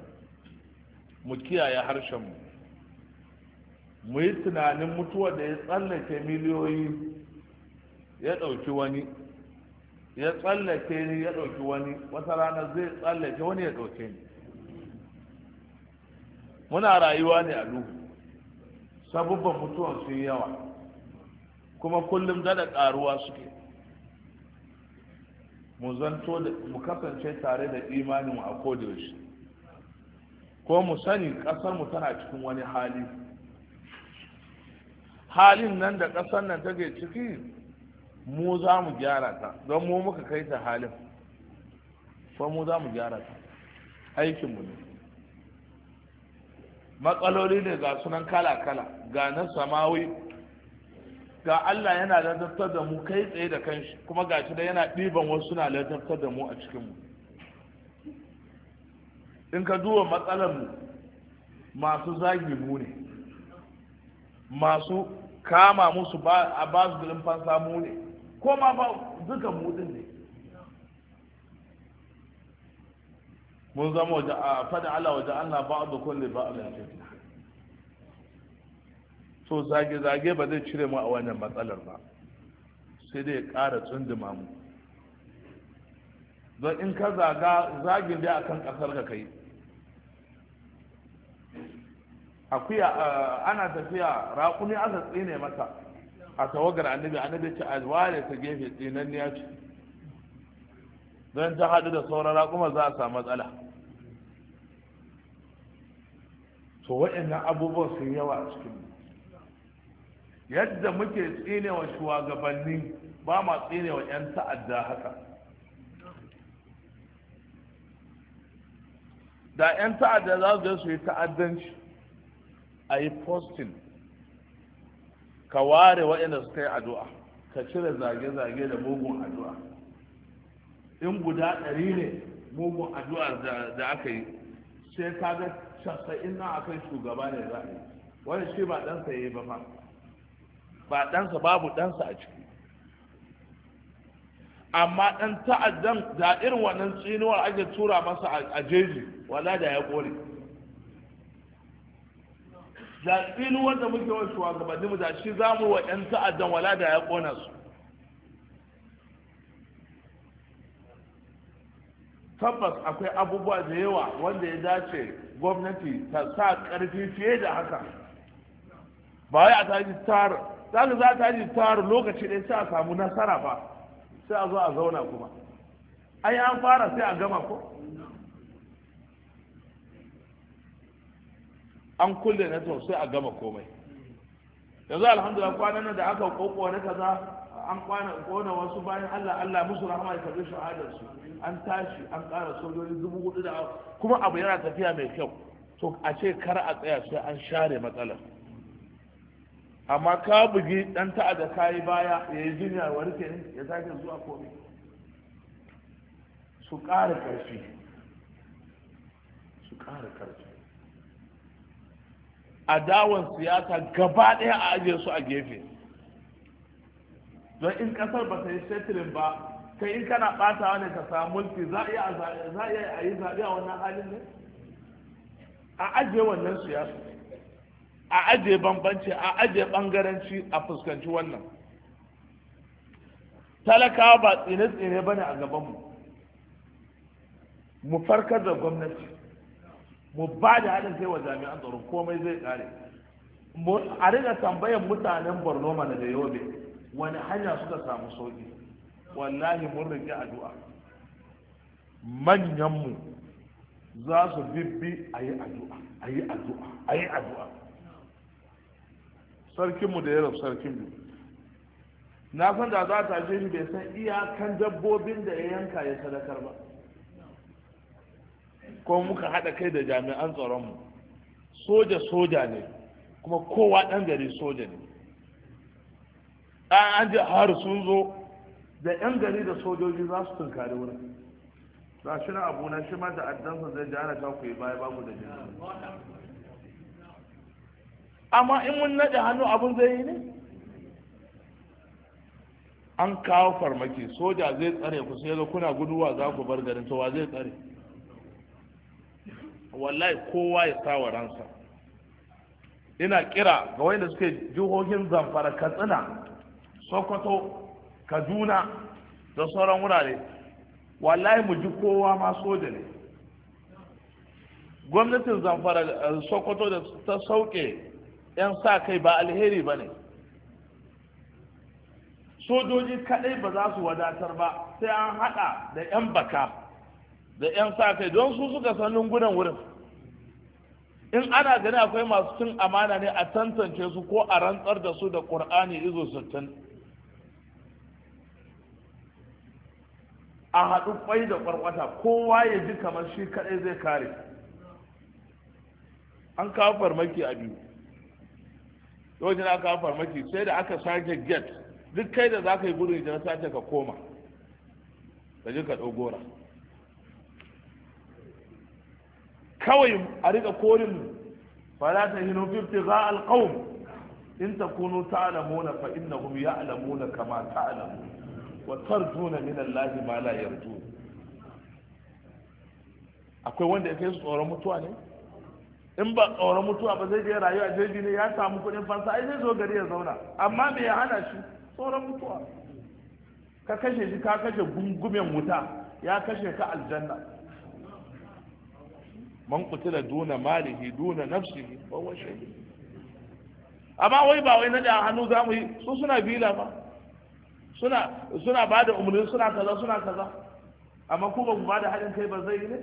mu kiyaye harshen mu mu yi tunanin mutuwar da ya tsallake miliyoyi ya ɗauki wani ya tsallake ni ya ɗauki wani wata rana zai tsallake wani ya ɗauke ni muna rayuwa ne a duhu sabubban mutuwan sun yawa kuma kullum dada karuwa suke mu zanto da mu kasance tare da imanin a shi. ko mu sani ƙasarmu mu tana cikin wani hali halin nan da ƙasar nan take ciki mu za mu gyara ta don mu muka kai ta halin ko mu za mu gyara ta aikinmu ne matsaloli ne ga sunan kala-kala ga na samawi ga Allah yana lantartar da mu kai tsaye da kanshi kuma ga shi da yana ɗiban wasu suna lantartar da mu a cikinmu in ka duba matsalar mu masu zagi mu ne masu kama musu a basu su fansa mu ne ko ma ba duka mu ne mun zama waje a fada ala waje Allah ba a da kulle ba a lafiya so zage-zage ba zai cire mu a wannan matsalar ba sai dai ya ƙara tsunduma mu don in ka zaga zagin a akan ƙasar ka kai akuya ana tafiya raƙuni aka tsine mata a tawagar annabi annabi ce a ware ta gefe tsinanniya ce don ta haɗu da sauran raƙuma za a samu matsala to waɗannan abubuwan su yawa a cikin yadda muke tsine wa shugabanni ba ma tsine wa 'yan ta'adda haka da 'yan ta'adda za su su yi ta'addanci a yi postin ka ware waɗanda suka yi addu'a ka cire zage-zage da mugun addu'a in guda ɗari ne mugun addu'ar da aka yi sai ka ga casa'in nan akan shugaba ne za a yi wani shi ba ɗansa ya yi ba fa ba ɗansa babu ɗansa a ciki amma ɗan ta'addan da irin wannan tsinuwar ake tura masa a jeji wala da ya kore da tsinuwar da muke wa shugabanni mu da shi za mu wa ɗan ta'addan wala da ya kona su tabbas akwai abubuwa da yawa wanda ya dace gwamnati ta sa ƙarfi fiye da haka ba wai a tashi tar za ka za ta ji tar lokaci ɗaya sai a samu nasara ba sai a zo a zauna kuma ai an fara sai a gama ko an kulle na sai a gama komai yanzu alhamdulillah kwanan da aka kokowa na kaza an kwana kona wasu bayan Allah Allah musu rahama da karbi shahadar su an tashi an kara sojoji dubu hudu da kuma abu yana tafiya mai kyau to a ce kar a tsaya sai an share matsalar amma ka bugi dan ta'ada kayi baya ya yi jinya warke ne ya sake zuwa komai su kara karfi su kara karfi adawan siyasa gaba ɗaya a ajiye su a gefe don in kasar ba ta yi setilin ba kai in kana batawa ne ka samu mulki za a iya a yi zaɓe a wannan halin ne a ajiye wannan siyasa a ajiye bambanci a ajiye bangaranci a fuskanci wannan talakawa ba tsine-tsine ba ne a gabanmu mu farkar da gwamnati mu ba da haɗin kai wa jami'an tsaro komai zai ƙare a riga tambayar mutanen borno mana da yobe wani hanya suka samu sauki wallahi mun rike addu'a manyanmu za su bibbi a yi addu'a a addu'a a yi addu'a sarkinmu da ya rabu sarkin na san da za ta je shi bai san iyakan dabbobin da ya yanka ya sadakar ba ko muka haɗa kai da jami'an tsaronmu soja soja ne kuma kowa ɗan gari soja ne an ji har sun zo da yan gari da sojoji za su tunkari wurin za shi na abu na shi ma da addansa zai ji ana ku yi baya babu da jini amma in mun naɗe hannu abun zai yi ne an kawo farmaki soja zai tsare ku sai kuna guduwa za ku bar garin to wa zai tsare wallahi kowa ya sa wa ransa ina kira ga wanda suke jihohin zamfara katsina sokoto kaduna da sauran wurare wallahi mu ji kowa ma soja ne gwamnatin zamfara eh, sokoto da ta sauke 'yan sa kai ba alheri ba ne sojoji kadai ba za su wadatar ba sai an hada da 'yan baka da 'yan sa kai don su suka san lungunan wurin in ana gani akwai masu cin amana ne a tantance su ko a rantsar da su da ƙur'ani izo sittin a haɗu ƙwai da ƙwarƙwata, kowa ya ji kamar shi kaɗai zai kare an kawo farmaki a biyu yawancin da aka kawo farmaki sai da aka sake get duk kai da za ka yi gudun na sace ka koma ka ji ka ɗogora kawai a riƙa korin fara ta hinu fifti za alƙawun in ta kunu na fa ya alamuna kama ta alamuna wa tarjuna min Allah ma la yarju akwai wanda ya kai su tsoron mutuwa ne in ba tsoron mutuwa ba zai je rayuwa jeji ne ya samu kuɗin fansa ai zai zo gari ya zauna amma me ya hana shi tsoron mutuwa ka kashe shi ka kashe gungumen wuta ya kashe ka aljanna man kutila duna malihi duna nafsihi wa huwa shahid amma wai ba wai na da hannu zamu yi su suna bila ba suna suna ba da umarni suna kaza suna kaza amma ku ba ku ba da haɗin kai ba zai yi ne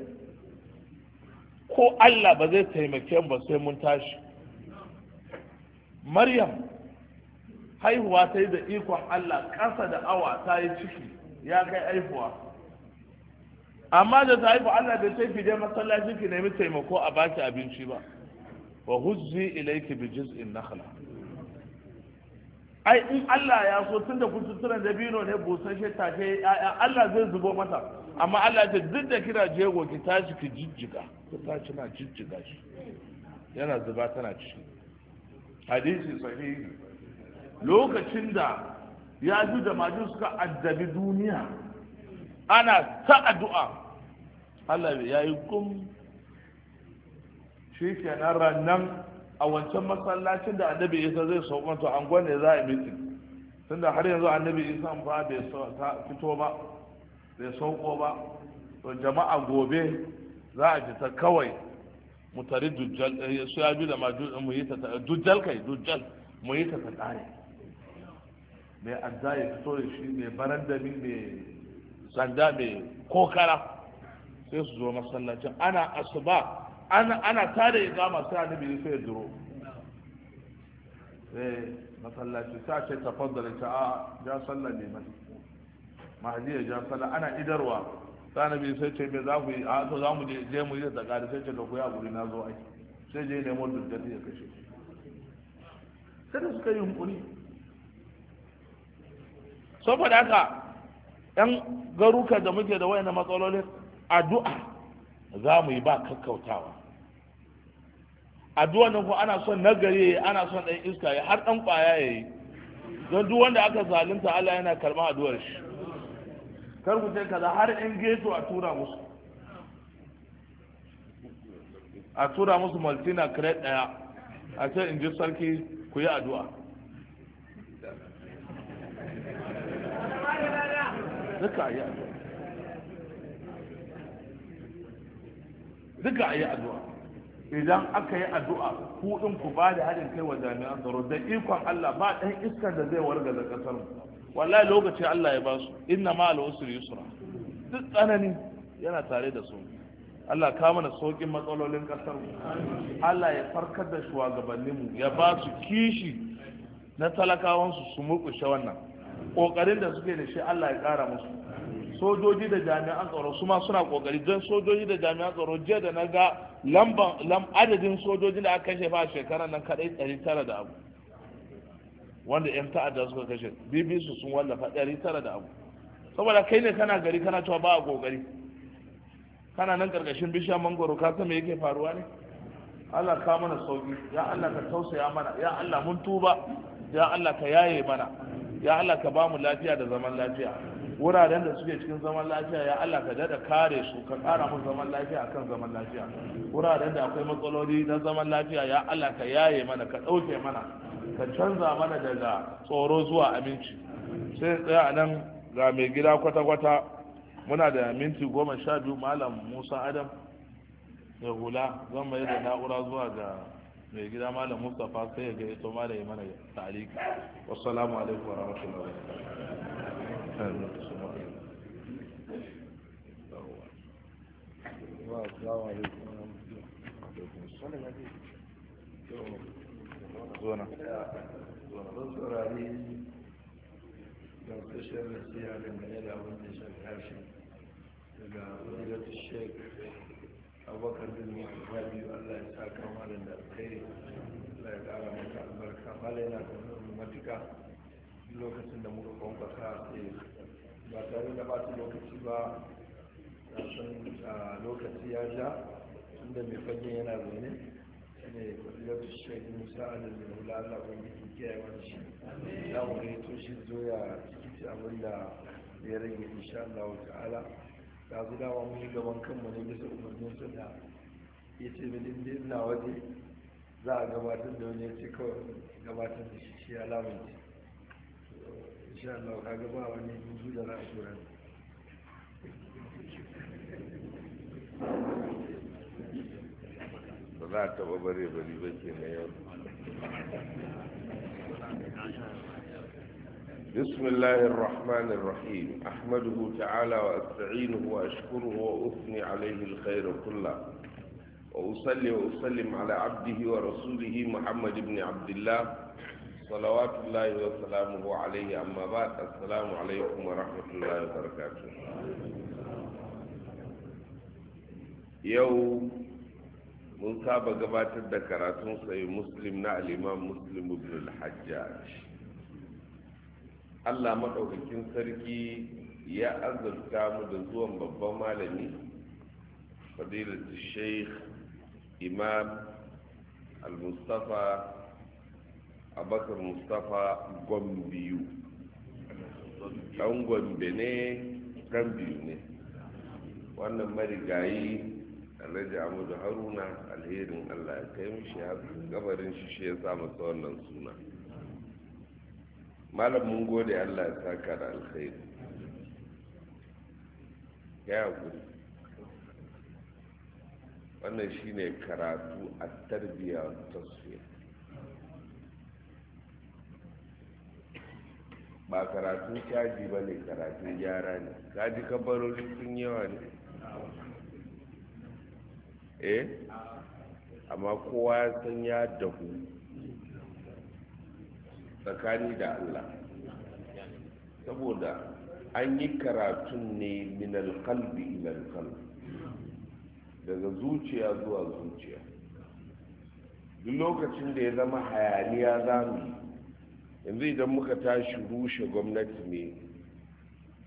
ko Allah ba zai taimake mu ba sai mun tashi Maryam haihuwa ta yi da ikon Allah ƙasa da awa ta yi ciki ya kai haihuwa amma da ta haifu Allah bai sai fide masallaci ki nemi taimako a baki abinci ba wa huzzi ilayki bi juz'in nakhla ai in Allah ya so tun da kututturan da bino ne shi tafe ya'ya Allah zai zubo mata amma Allah ta duk da kira jego ki tashi ki jijjiga ki tashi na jijjiga shi yana zuba tana ciki hadisi sahihi lokacin da ya ji da majin suka addabi duniya ana ta addu'a Allah ya yi kum shi kenan rannan a wancan masallacin da annabi isa zai sokonto an gwane za a mitin tunda har yanzu annabi isa ba bai fito ba bai sauko ba to jama'a gobe za a fita kawai mu tari dujjal eh, su ya da ma mu yi ta dujjal kai dujjal mu yi ta tsare mai adda ya fito da shi mai barandami mai zanda mai kokara sai su zo masallacin ana asuba ana ana tada ya gama sai annabi sai ya duro eh masallaci ta ce ta fadala ta a ja ne mai. mahaji ya ja sallar ana idarwa sai annabi sai ce me za ku yi a to za mu je mu yi da tsakari sai ce da ku ya guri na zo aiki sai je nemo dukkan ya kashe sai da suka yi hunkuri saboda haka yan garuka da muke da wayannan matsalolin addu'a za mu yi ba kakkautawa addu'a nan ko ana son nagari ana son ɗan iska ya har ɗan ƙwaya ya yi don duk wanda aka zalunta Allah yana karɓar addu'ar shi kar ku sai kaza har in geto a tura musu a tura musu maltina crate ɗaya a ce in ji sarki ku yi addu'a duka yi addu'a duka a yi addu'a idan aka yi addu'a ku din ku ba da haɗin kai wa jami'an tsaro da ikon Allah ba ɗan iskar da zai warga da mu wallahi lokaci Allah ya ba su inna ma al usri yusra duk tsanani yana tare da su Allah ka mana saukin matsalolin ƙasar mu Allah ya farkar da shugabannin mu ya ba su kishi na talakawansu su murƙushe wannan ƙoƙarin da suke da shi Allah ya ƙara musu sojoji da jami'an tsaro su ma suna kokari don sojoji da jami'an tsaro jiya da na ga lamban adadin sojoji da aka kashe fa shekarar nan kadai dari tara da abu wanda yan ta'adda suka kashe su sun wallafa dari tara da abu saboda kai ne kana gari kana cewa ba a kokari kana nan karkashin bishiya mangoro ka san me yake faruwa ne Allah ka mana sauki ya Allah ka tausaya mana ya Allah mun tuba ya Allah ka yaye mana ya Allah ka ba mu lafiya da zaman lafiya wuraren da suke cikin zaman lafiya ya Allah ka dada kare su ka kara mu zaman lafiya akan zaman lafiya wuraren da akwai matsaloli na zaman lafiya ya Allah ka yaye mana ka ɗauke mana ka canza mana daga tsoro zuwa aminci sai tsaya a nan ga mai gida kwata-kwata muna da minti goma sha biyu malam musa adam da hula zan mai da na'ura zuwa ga mai gida malam mustapha sai ya ga ito malam ya mana ta'aliki wasu alaikum wa rahmatullahi wa barakatuh zona don saurari da tashar nasiya da da abin da daga wadatun sheik abubakar bin biyu allah ya sa kama da kai albarka mala yana kamar matuka lokacin da muka kwankwasa sai ba tare da bata lokaci ba san lokaci ya ja inda mai fage yana zaune ne kwalliyar shaidu musa da mai hula allah ubangiji ya wani shi ya wuri to shi zo ya cikici abin da ya rage insha allahu ta'ala ta zu dawa mun yi gaban kanmu ne bisa umarnin su da ya ce bilin na ina waje za a gabatar da wani ya ce kawai gabatar da shi shi ya lamunci شاء الله ka ga ba wani hutu da za a tura ba za a بسم الله الرحمن الرحيم أحمده تعالى وأستعينه وأشكره وأثني عليه الخير كله وأصلي وأسلم على عبده ورسوله محمد بن عبد الله salawatullahi wa salamuhu alaihi amma ba assalamu alaikum wa rahmatullahi wa yau mun saba gabatar da karatun sai muslim na al'imam muslim ibn al Allah maɗaukakin sarki ya azurta mu da zuwan babban malami fadilatu sheikh imam al-mustafa abakar mustapha gombiyu dan gombe ne dan biyu ne wannan marigayi alhaji amadu haruna alherin allah ya kai mishi gabarin shi shi ya sa wannan suna malam mun gode allah ya saka da alkhairi ya guri wannan shi ne karatu a tarbiyyar tasfiya ba karatu caji ba ne karatun gyara ne kaji kabarori sun yawa ne eh amma kowa ya san ya dahu tsakani da allah saboda an yi karatun ne minal kalbi ilal kalbi daga zuciya zuwa zuciya duk lokacin da ya zama hayaniya yi. yanzu idan muka tashi rushe gwamnati ne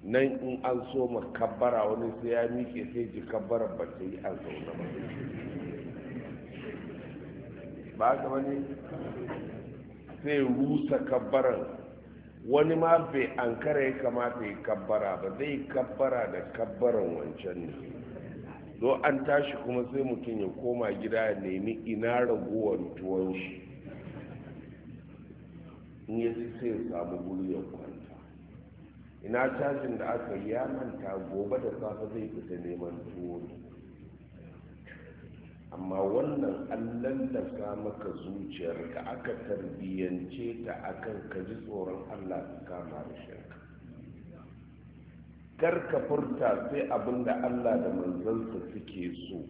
nan in an so ma kabbara wani sai ya miƙe sai ji kabbara ba ta yi an zaune ba ba ka wani sai rusa kabbaran wani ma bai an kara ya kamata ya kabbara ba zai kabbara da kabbaran wancan ne do an tashi kuma sai mutum ya koma gida ya nemi ina ragowar tuwon shi in ya ji sai ya samu guri ya kwanta ina cajin da aka yi ya manta gobe da safe zai fita neman tuwo amma wannan an lallasa maka zuciyar da aka tarbiyyance ta akan ka ji tsoron allah ka kama da shirka kar ka furta sai abin da allah da manzansa suke so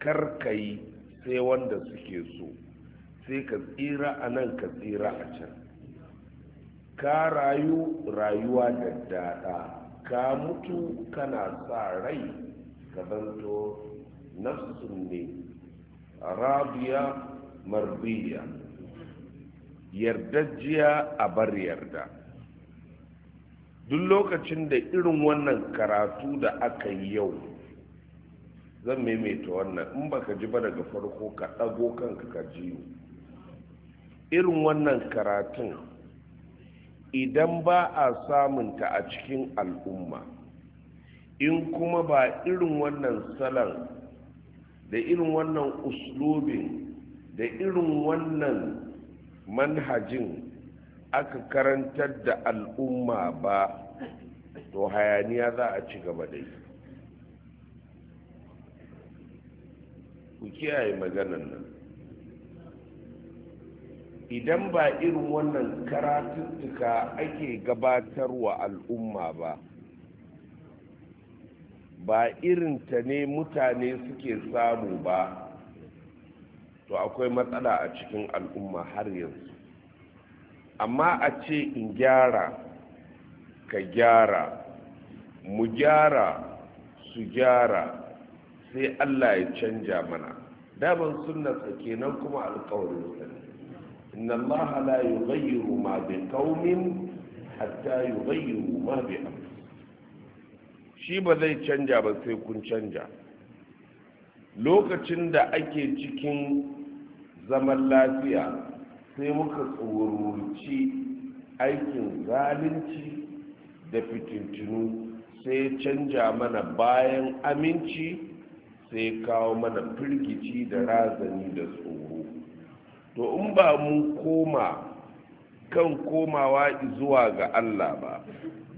kar ka yi sai wanda suke so sai ka tsira a nan ka tsira a can ka rayu rayuwa da daɗa ka mutu kana sa rai ka zanto nafsun ne rabiya marbiya yardajiya a bar yarda duk lokacin da irin wannan karatu da aka yi yau zan maimaita wannan in baka ji ba daga farko ka ɗago kanka ka jiyo irin wannan karatun idan ba a samunta a cikin al'umma in kuma ba irin wannan salon da irin wannan uslubin da irin wannan manhajin aka karantar da al'umma ba to hayaniya za a ci gaba da yi ku kiyaye maganan nan idan ba irin wannan karatuttuka ake gabatarwa al'umma ba ba irin ta ne mutane suke samu ba to akwai matsala a cikin al'umma har yanzu amma a ce in gyara ka gyara mu gyara su gyara sai allah ya canja mana daman sunnasa kenan kuma alkawarin إن الله لا يغير ما بقوم حتى يغير ما بأنفسهم shi ba zai canja ba sai kun canja lokacin da ake cikin zaman lafiya sai muka tsoronci aikin zalunci da fitintinu sai canja mana bayan aminci sai kawo mana firgici da razani da tsoro to in ba mu koma kan komawa zuwa ga Allah ba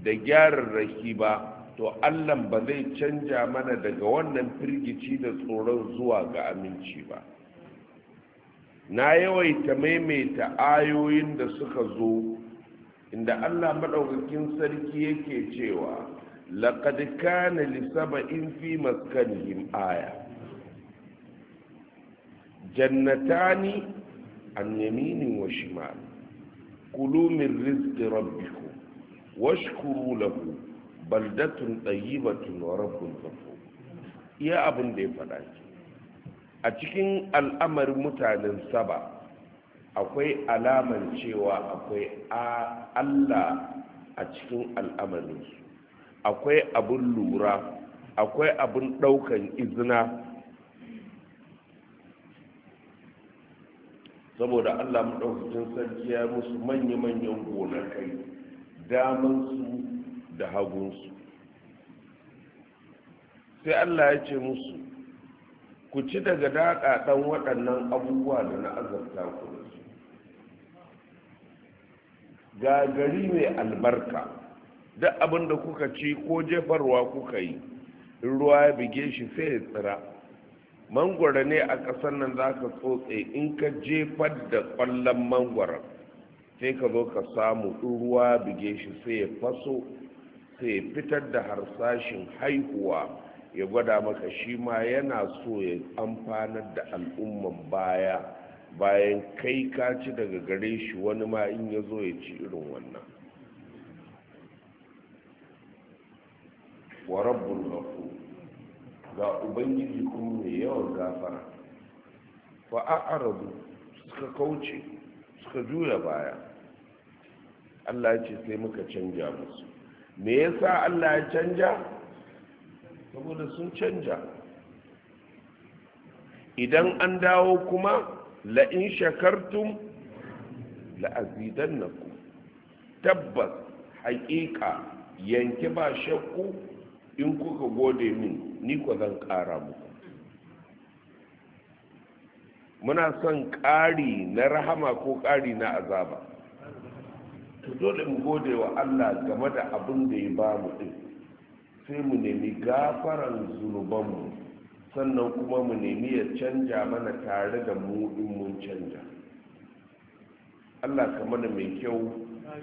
da gyararraki ba to Allah ba zai canja mana daga wannan firgici da tsoron zuwa ga aminci ba na yawaita maimaita ayoyin da suka zo inda Allah maɗaukakin sarki yake cewa laqad kana li sab'in fi maskanihim aya jannatani an wa shimal kulu min rizqi rabbikum washkuru lahu baldatun tayyibatun wa rabbul ghafur iya abin da ya faɗa ki a cikin al'amarin mutanen saba akwai alaman cewa akwai Allah a cikin al'amarin akwai abin lura akwai abin ɗaukan izina saboda allah maɗaukacin sarki ya musu manya-manyan kai, gonakai su da hagunsu sai allah ya ce musu ku ci daga daɗaɗen waɗannan abubuwa da na azabta ku da su ga gari mai albarka duk abinda kuka ci ko jefarwa kuka yi ruwa ya bige shi sai ya tsira mangwara ne a ƙasar nan za ka tsotse in ka jefar da ƙwallon mangwara sai ka zo ka samu ruwa bige shi sai ya faso sai fitar da harsashin haihuwa ya gwada maka shi ma yana so ya amfanar da al'umman baya bayan kai ka ci daga gare shi wani ma in ya zo ya ci irin wannan wa rabbul ga ubangiji kuma mai yawan gafara fa arabu suka kauce suka juya baya Allah ce sai muka canja musu me yasa Allah ya canja saboda sun canja idan an dawo kuma la'in shakartum naku tabbas haƙiƙa yanke ba shakku in kuka gode min ni ko zan ƙara muku muna son ƙari na rahama ko ƙari na azaba to dole mu gode wa Allah game da abin da ya ba mu din sai mu nemi gafaran zunubanmu sannan kuma mu nemi ya canja mana tare da mu in mun canja Allah ka mana mai kyau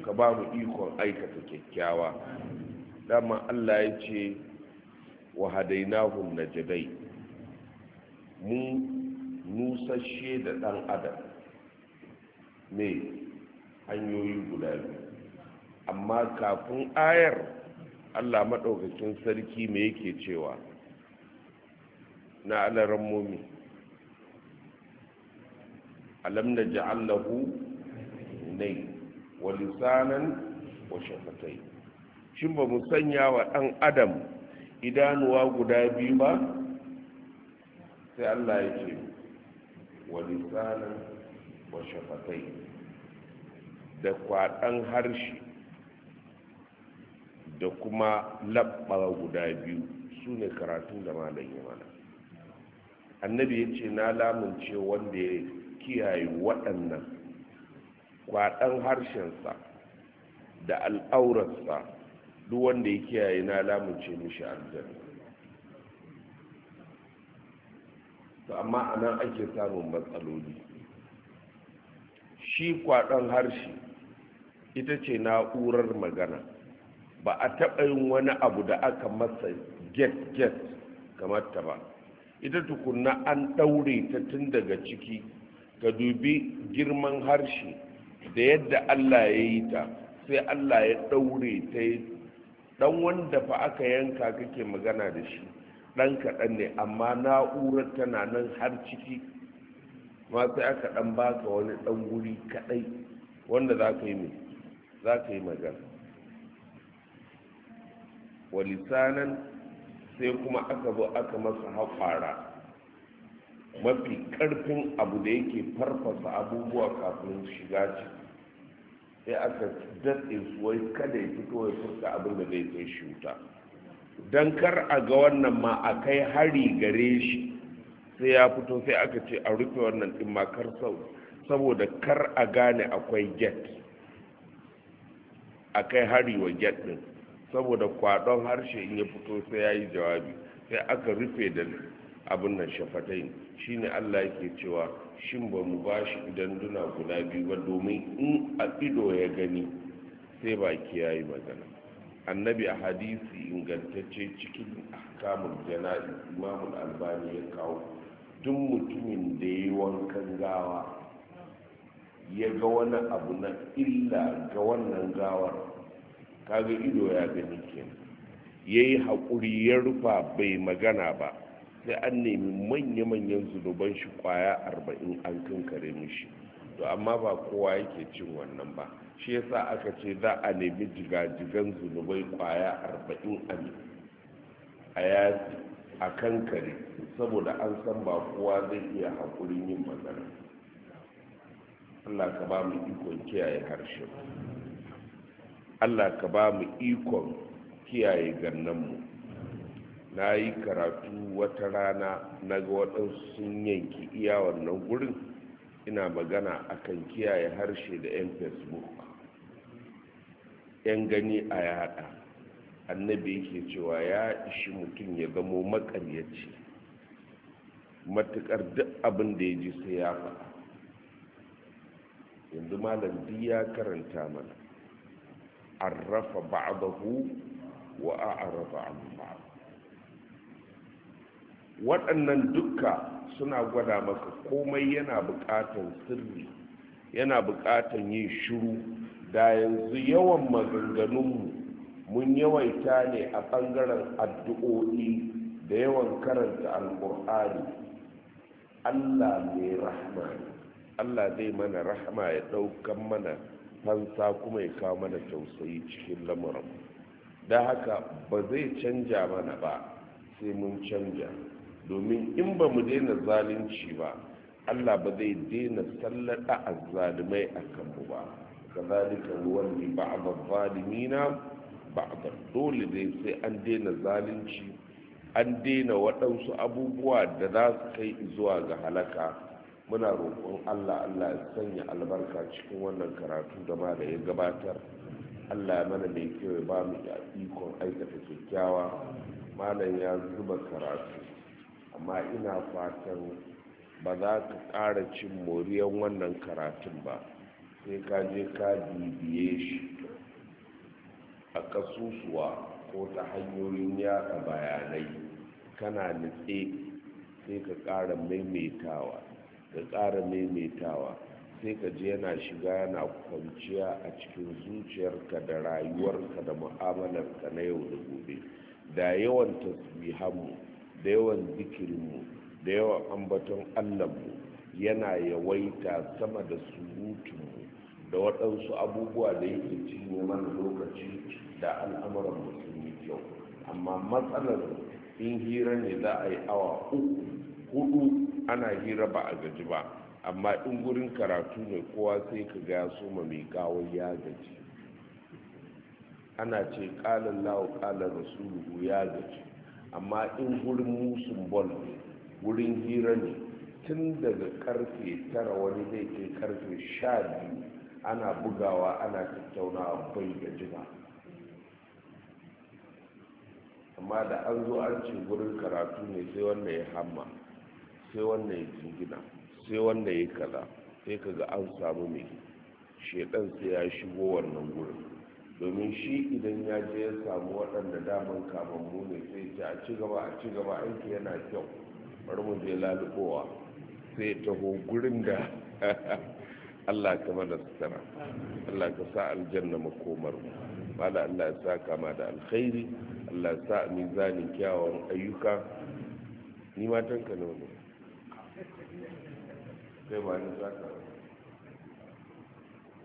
ka ba mu ikon aikata kyakkyawa dama Allah ya ce wa hadainahun najadai mun nusashe da dan adam ne hanyoyi guda biyu amma kafin ayar allah maɗaukakin sarki me yake cewa na alaran momi alam na ja'allahu ne wa lisanan wa shafatai shin ba mu sanya wa ɗan adam idanuwa guda biyu ba sai allah ya ce wa wa shafatai da kwaɗan harshe da kuma labbawa guda biyu su ne karatun da malam mana annabi ya ce na lamunce wanda ya kiyaye waɗannan kwaɗan harshensa da al'aurarsa duk wanda ya kiyaye na lamunce mishi aljanna to amma a nan ake samun matsaloli shi kwaɗon harshe ita ce na'urar magana ba a taɓa yin wani abu da aka masa get-get kamar ta ba ita tukunna an ɗaure ta tun daga ciki ka dubi girman harshe da yadda allah ya yi ta sai allah ya ɗaure ta dan wanda fa aka yanka kake magana da shi dan kaɗan ne amma na'urar tana nan har ciki ma sai aka dan baka wani dan guri kaɗai wanda za ka yi mai za ka yi magana walisanan sai kuma aka zo aka masa haƙwara mafi ƙarfin abu da yake farfasa abubuwa kafin shiga ciki sai aka datse su wai kada ya fito ya furta abin da zai kai shi wuta don kar a ga wannan ma a kai hari gare shi sai ya fito sai aka ce a rufe wannan din ma kar sau saboda kar a gane akwai get a kai hari wa get din saboda kwaɗon harshe in ya fito sai ya yi jawabi sai aka rufe da abin nan shafatai shi ne Allah yake cewa shin ba mu ba shi idan duna guda biyu ba domin in a ido ya gani sai ba yayi magana annabi a hadisi ingantacce cikin ahkamul jana'i imamul albani ya kawo duk mutumin da yi wankan gawa ya ga wani abu na illa ga wannan gawar kaga ido ya gani kenan yayi haƙuri ya rufa bai magana ba sai an nemi manya-manyan zunuban shi kwaya arba'in an kankare mishi to amma ba kowa yake cin wannan ba shi yasa aka ce za a nemi jigajigan zunubai kwaya arba'in a yasi a kankare saboda an san ba kowa zai iya haƙurin yin magana allah ka ba mu ikon kiyaye harshe allah ka ba mu ikon kiyaye gannanmu na yi karatu wata rana na ga waɗansu sun yanki iya wannan gurin ina magana a kan kiyaye harshe da 'yan facebook 'yan gani a yada annabi yake cewa ya ishi mutum ya zamo makaryaci matukar duk abin da ya ji sai ya faɗa yanzu malam ya karanta mana arrafa ba'adahu wa arrafa an ba'adahu waɗannan dukka suna gwada maka komai yana buƙatan sirri yana buƙatan yin shiru da yanzu yawan maganganunmu mun yawaita ne a ɓangaren addu'o'i da yawan karanta alƙur'ani allah mai rahama allah zai mana rahama ya ɗaukan mana fansa kuma ya kawo mana tausayi cikin lamuran da haka ba zai canja mana ba sai mun canja domin in ba mu daina zalunci ba allah ba zai daina sallada a zalimai a kanmu ba ka zalika ruwan ne ba a zalimina ba dole dai sai an daina zalunci an daina waɗansu abubuwa da za su kai zuwa ga halaka muna roƙon allah allah ya sanya albarka cikin wannan karatu da ma da ya gabatar allah mana mai kyau ya ba mu ikon aikata kyakkyawa malam ya zuba karatu amma ina fatan ba za ka ƙara cin moriyan wannan karatun ba sai ka je ka bibiye shi a kasusuwa ko ta hanyoyin yada bayanai kana nitse sai ka ƙara maimaitawa ka ƙara maimaitawa sai ka je yana shiga yana kwanciya a cikin zuciyarka da rayuwarka da mu'amalarka na yau da gobe da yawan tasbihanmu da yawan zikirinmu da yawan ambaton allahnmu yana yawaita sama da surutunmu da waɗansu abubuwa da yake cinye mana lokaci da al'amuran musulmi kyau amma matsalar in hira ne za a yi awa uku hudu ana hira ba a gaji ba amma in gurin karatu ne kowa sai ka ga su ma mai gawar ya gaji ana ce kalan lawo kalan rasulu ya gaji amma in gurin musun bol wurin hira ne tun daga karfe tara wani zai kai karfe sha biyu ana bugawa ana tattaunawa bai da jima amma da an zo an ce gurin karatu ne sai wanda ya hamma sai wanda ya jingina sai wanda ya kaza sai kaga an samu mai shedan sai ya shigo wannan gurin domin shi idan ya je ya samu waɗanda daman kamammu ne sai ce a ci gaba a ci gaba aiki yana kyau bari mu je lalubowa sai taho gurin da [LAUGHS] Allah ka mana sutura Allah ka sa aljanna makomar mu mala Allah ya sa kama da alkhairi Allah ya sa a mizanin kyawun ayyuka ni matan ka ne kai ba ni ka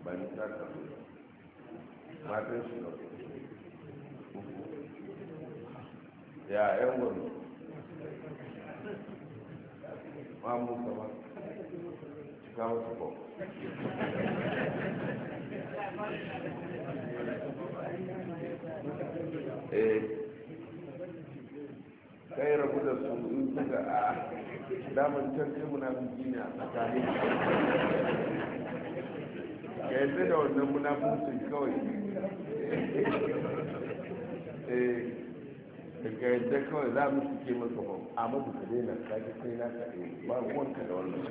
ba ni saka matan shi ba ya yan gwani mamu kama cika masu ba eh kai rabu da su in kuka a damar can kai munafiki ne a tsakanin kai da wannan munafikin kawai Eh, ga yadda kawai za mu suke masa ba a mabu ka daina sake kai na ka ɗaya eh, ba wanka da wannan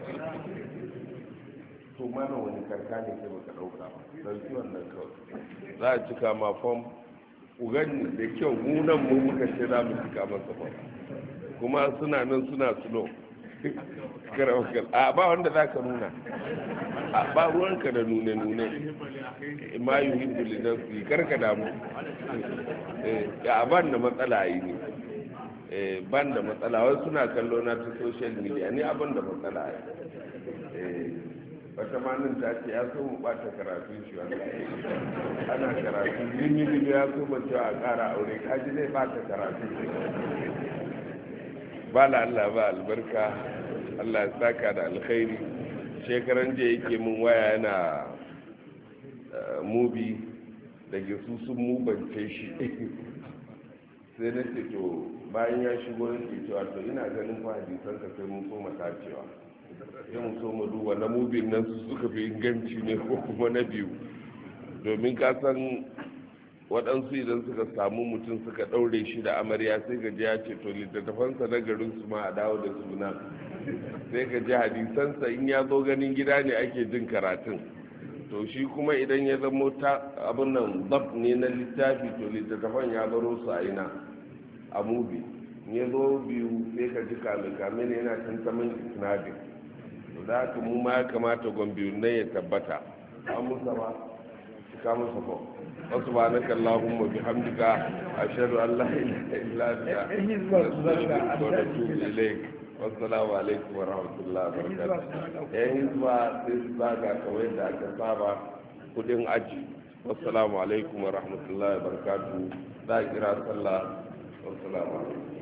to mana wani karka ne sai baka ɗauka ba ɗauki wannan kawai za a cika ma fam ugan da kyau munan nan mu muka ce za mu cika masa ba kuma suna nan suna suno karawakal a ba wanda za ka nuna a ba ruwanka da nune-nune ma yi hindu linansu karka damu eh, a ban da matsala yi ne eh, ban da matsala wasu suna kallo na ta social media ne abin da matsala yi eh, wata manin ta ce ya so mu bata karatun shi wanda ana karatu jirgin zimi ya so mace a kara aure kaji zai bata karatun shi ba la allah ba albarka allah ya saka da alkhairi shekaran da yake mun waya yana eh, mubi da gisu sun mubance shi sai na ce to bayan ya shigo na ce cewa to ina ganin fa hadisan ka sai mun so matacewa sai mun so mu duba na mubin nan su suka fi inganci ne ko kuma na biyu domin ka san waɗansu idan suka samu mutum suka ɗaure shi da amarya sai ga ji ya ce to littattafansa na garin su ma a dawo da suna sai ga ji hadisansa in ya zo ganin gida ne ake jin karatun to shi kuma idan ya zamo ta abin nan zab ne na littafi to littattafan ya baro su a ina a mubi ya zo biyu sai ka ji kame-kame ne yana tantamin isnadin za ka mu ma ya kamata gwambiyu ne ya tabbata an musa ba cika musa ba وسبحانك اللهم وبحمدك أشهد أن لا إله إلا أنت نستغفرك ونتوب إليك والسلام عليكم ورحمة الله وبركاته يا إنسوا تسباك كويت أكسابا كدين أجي والسلام عليكم ورحمة الله وبركاته لا إكراه صلى والسلام عليكم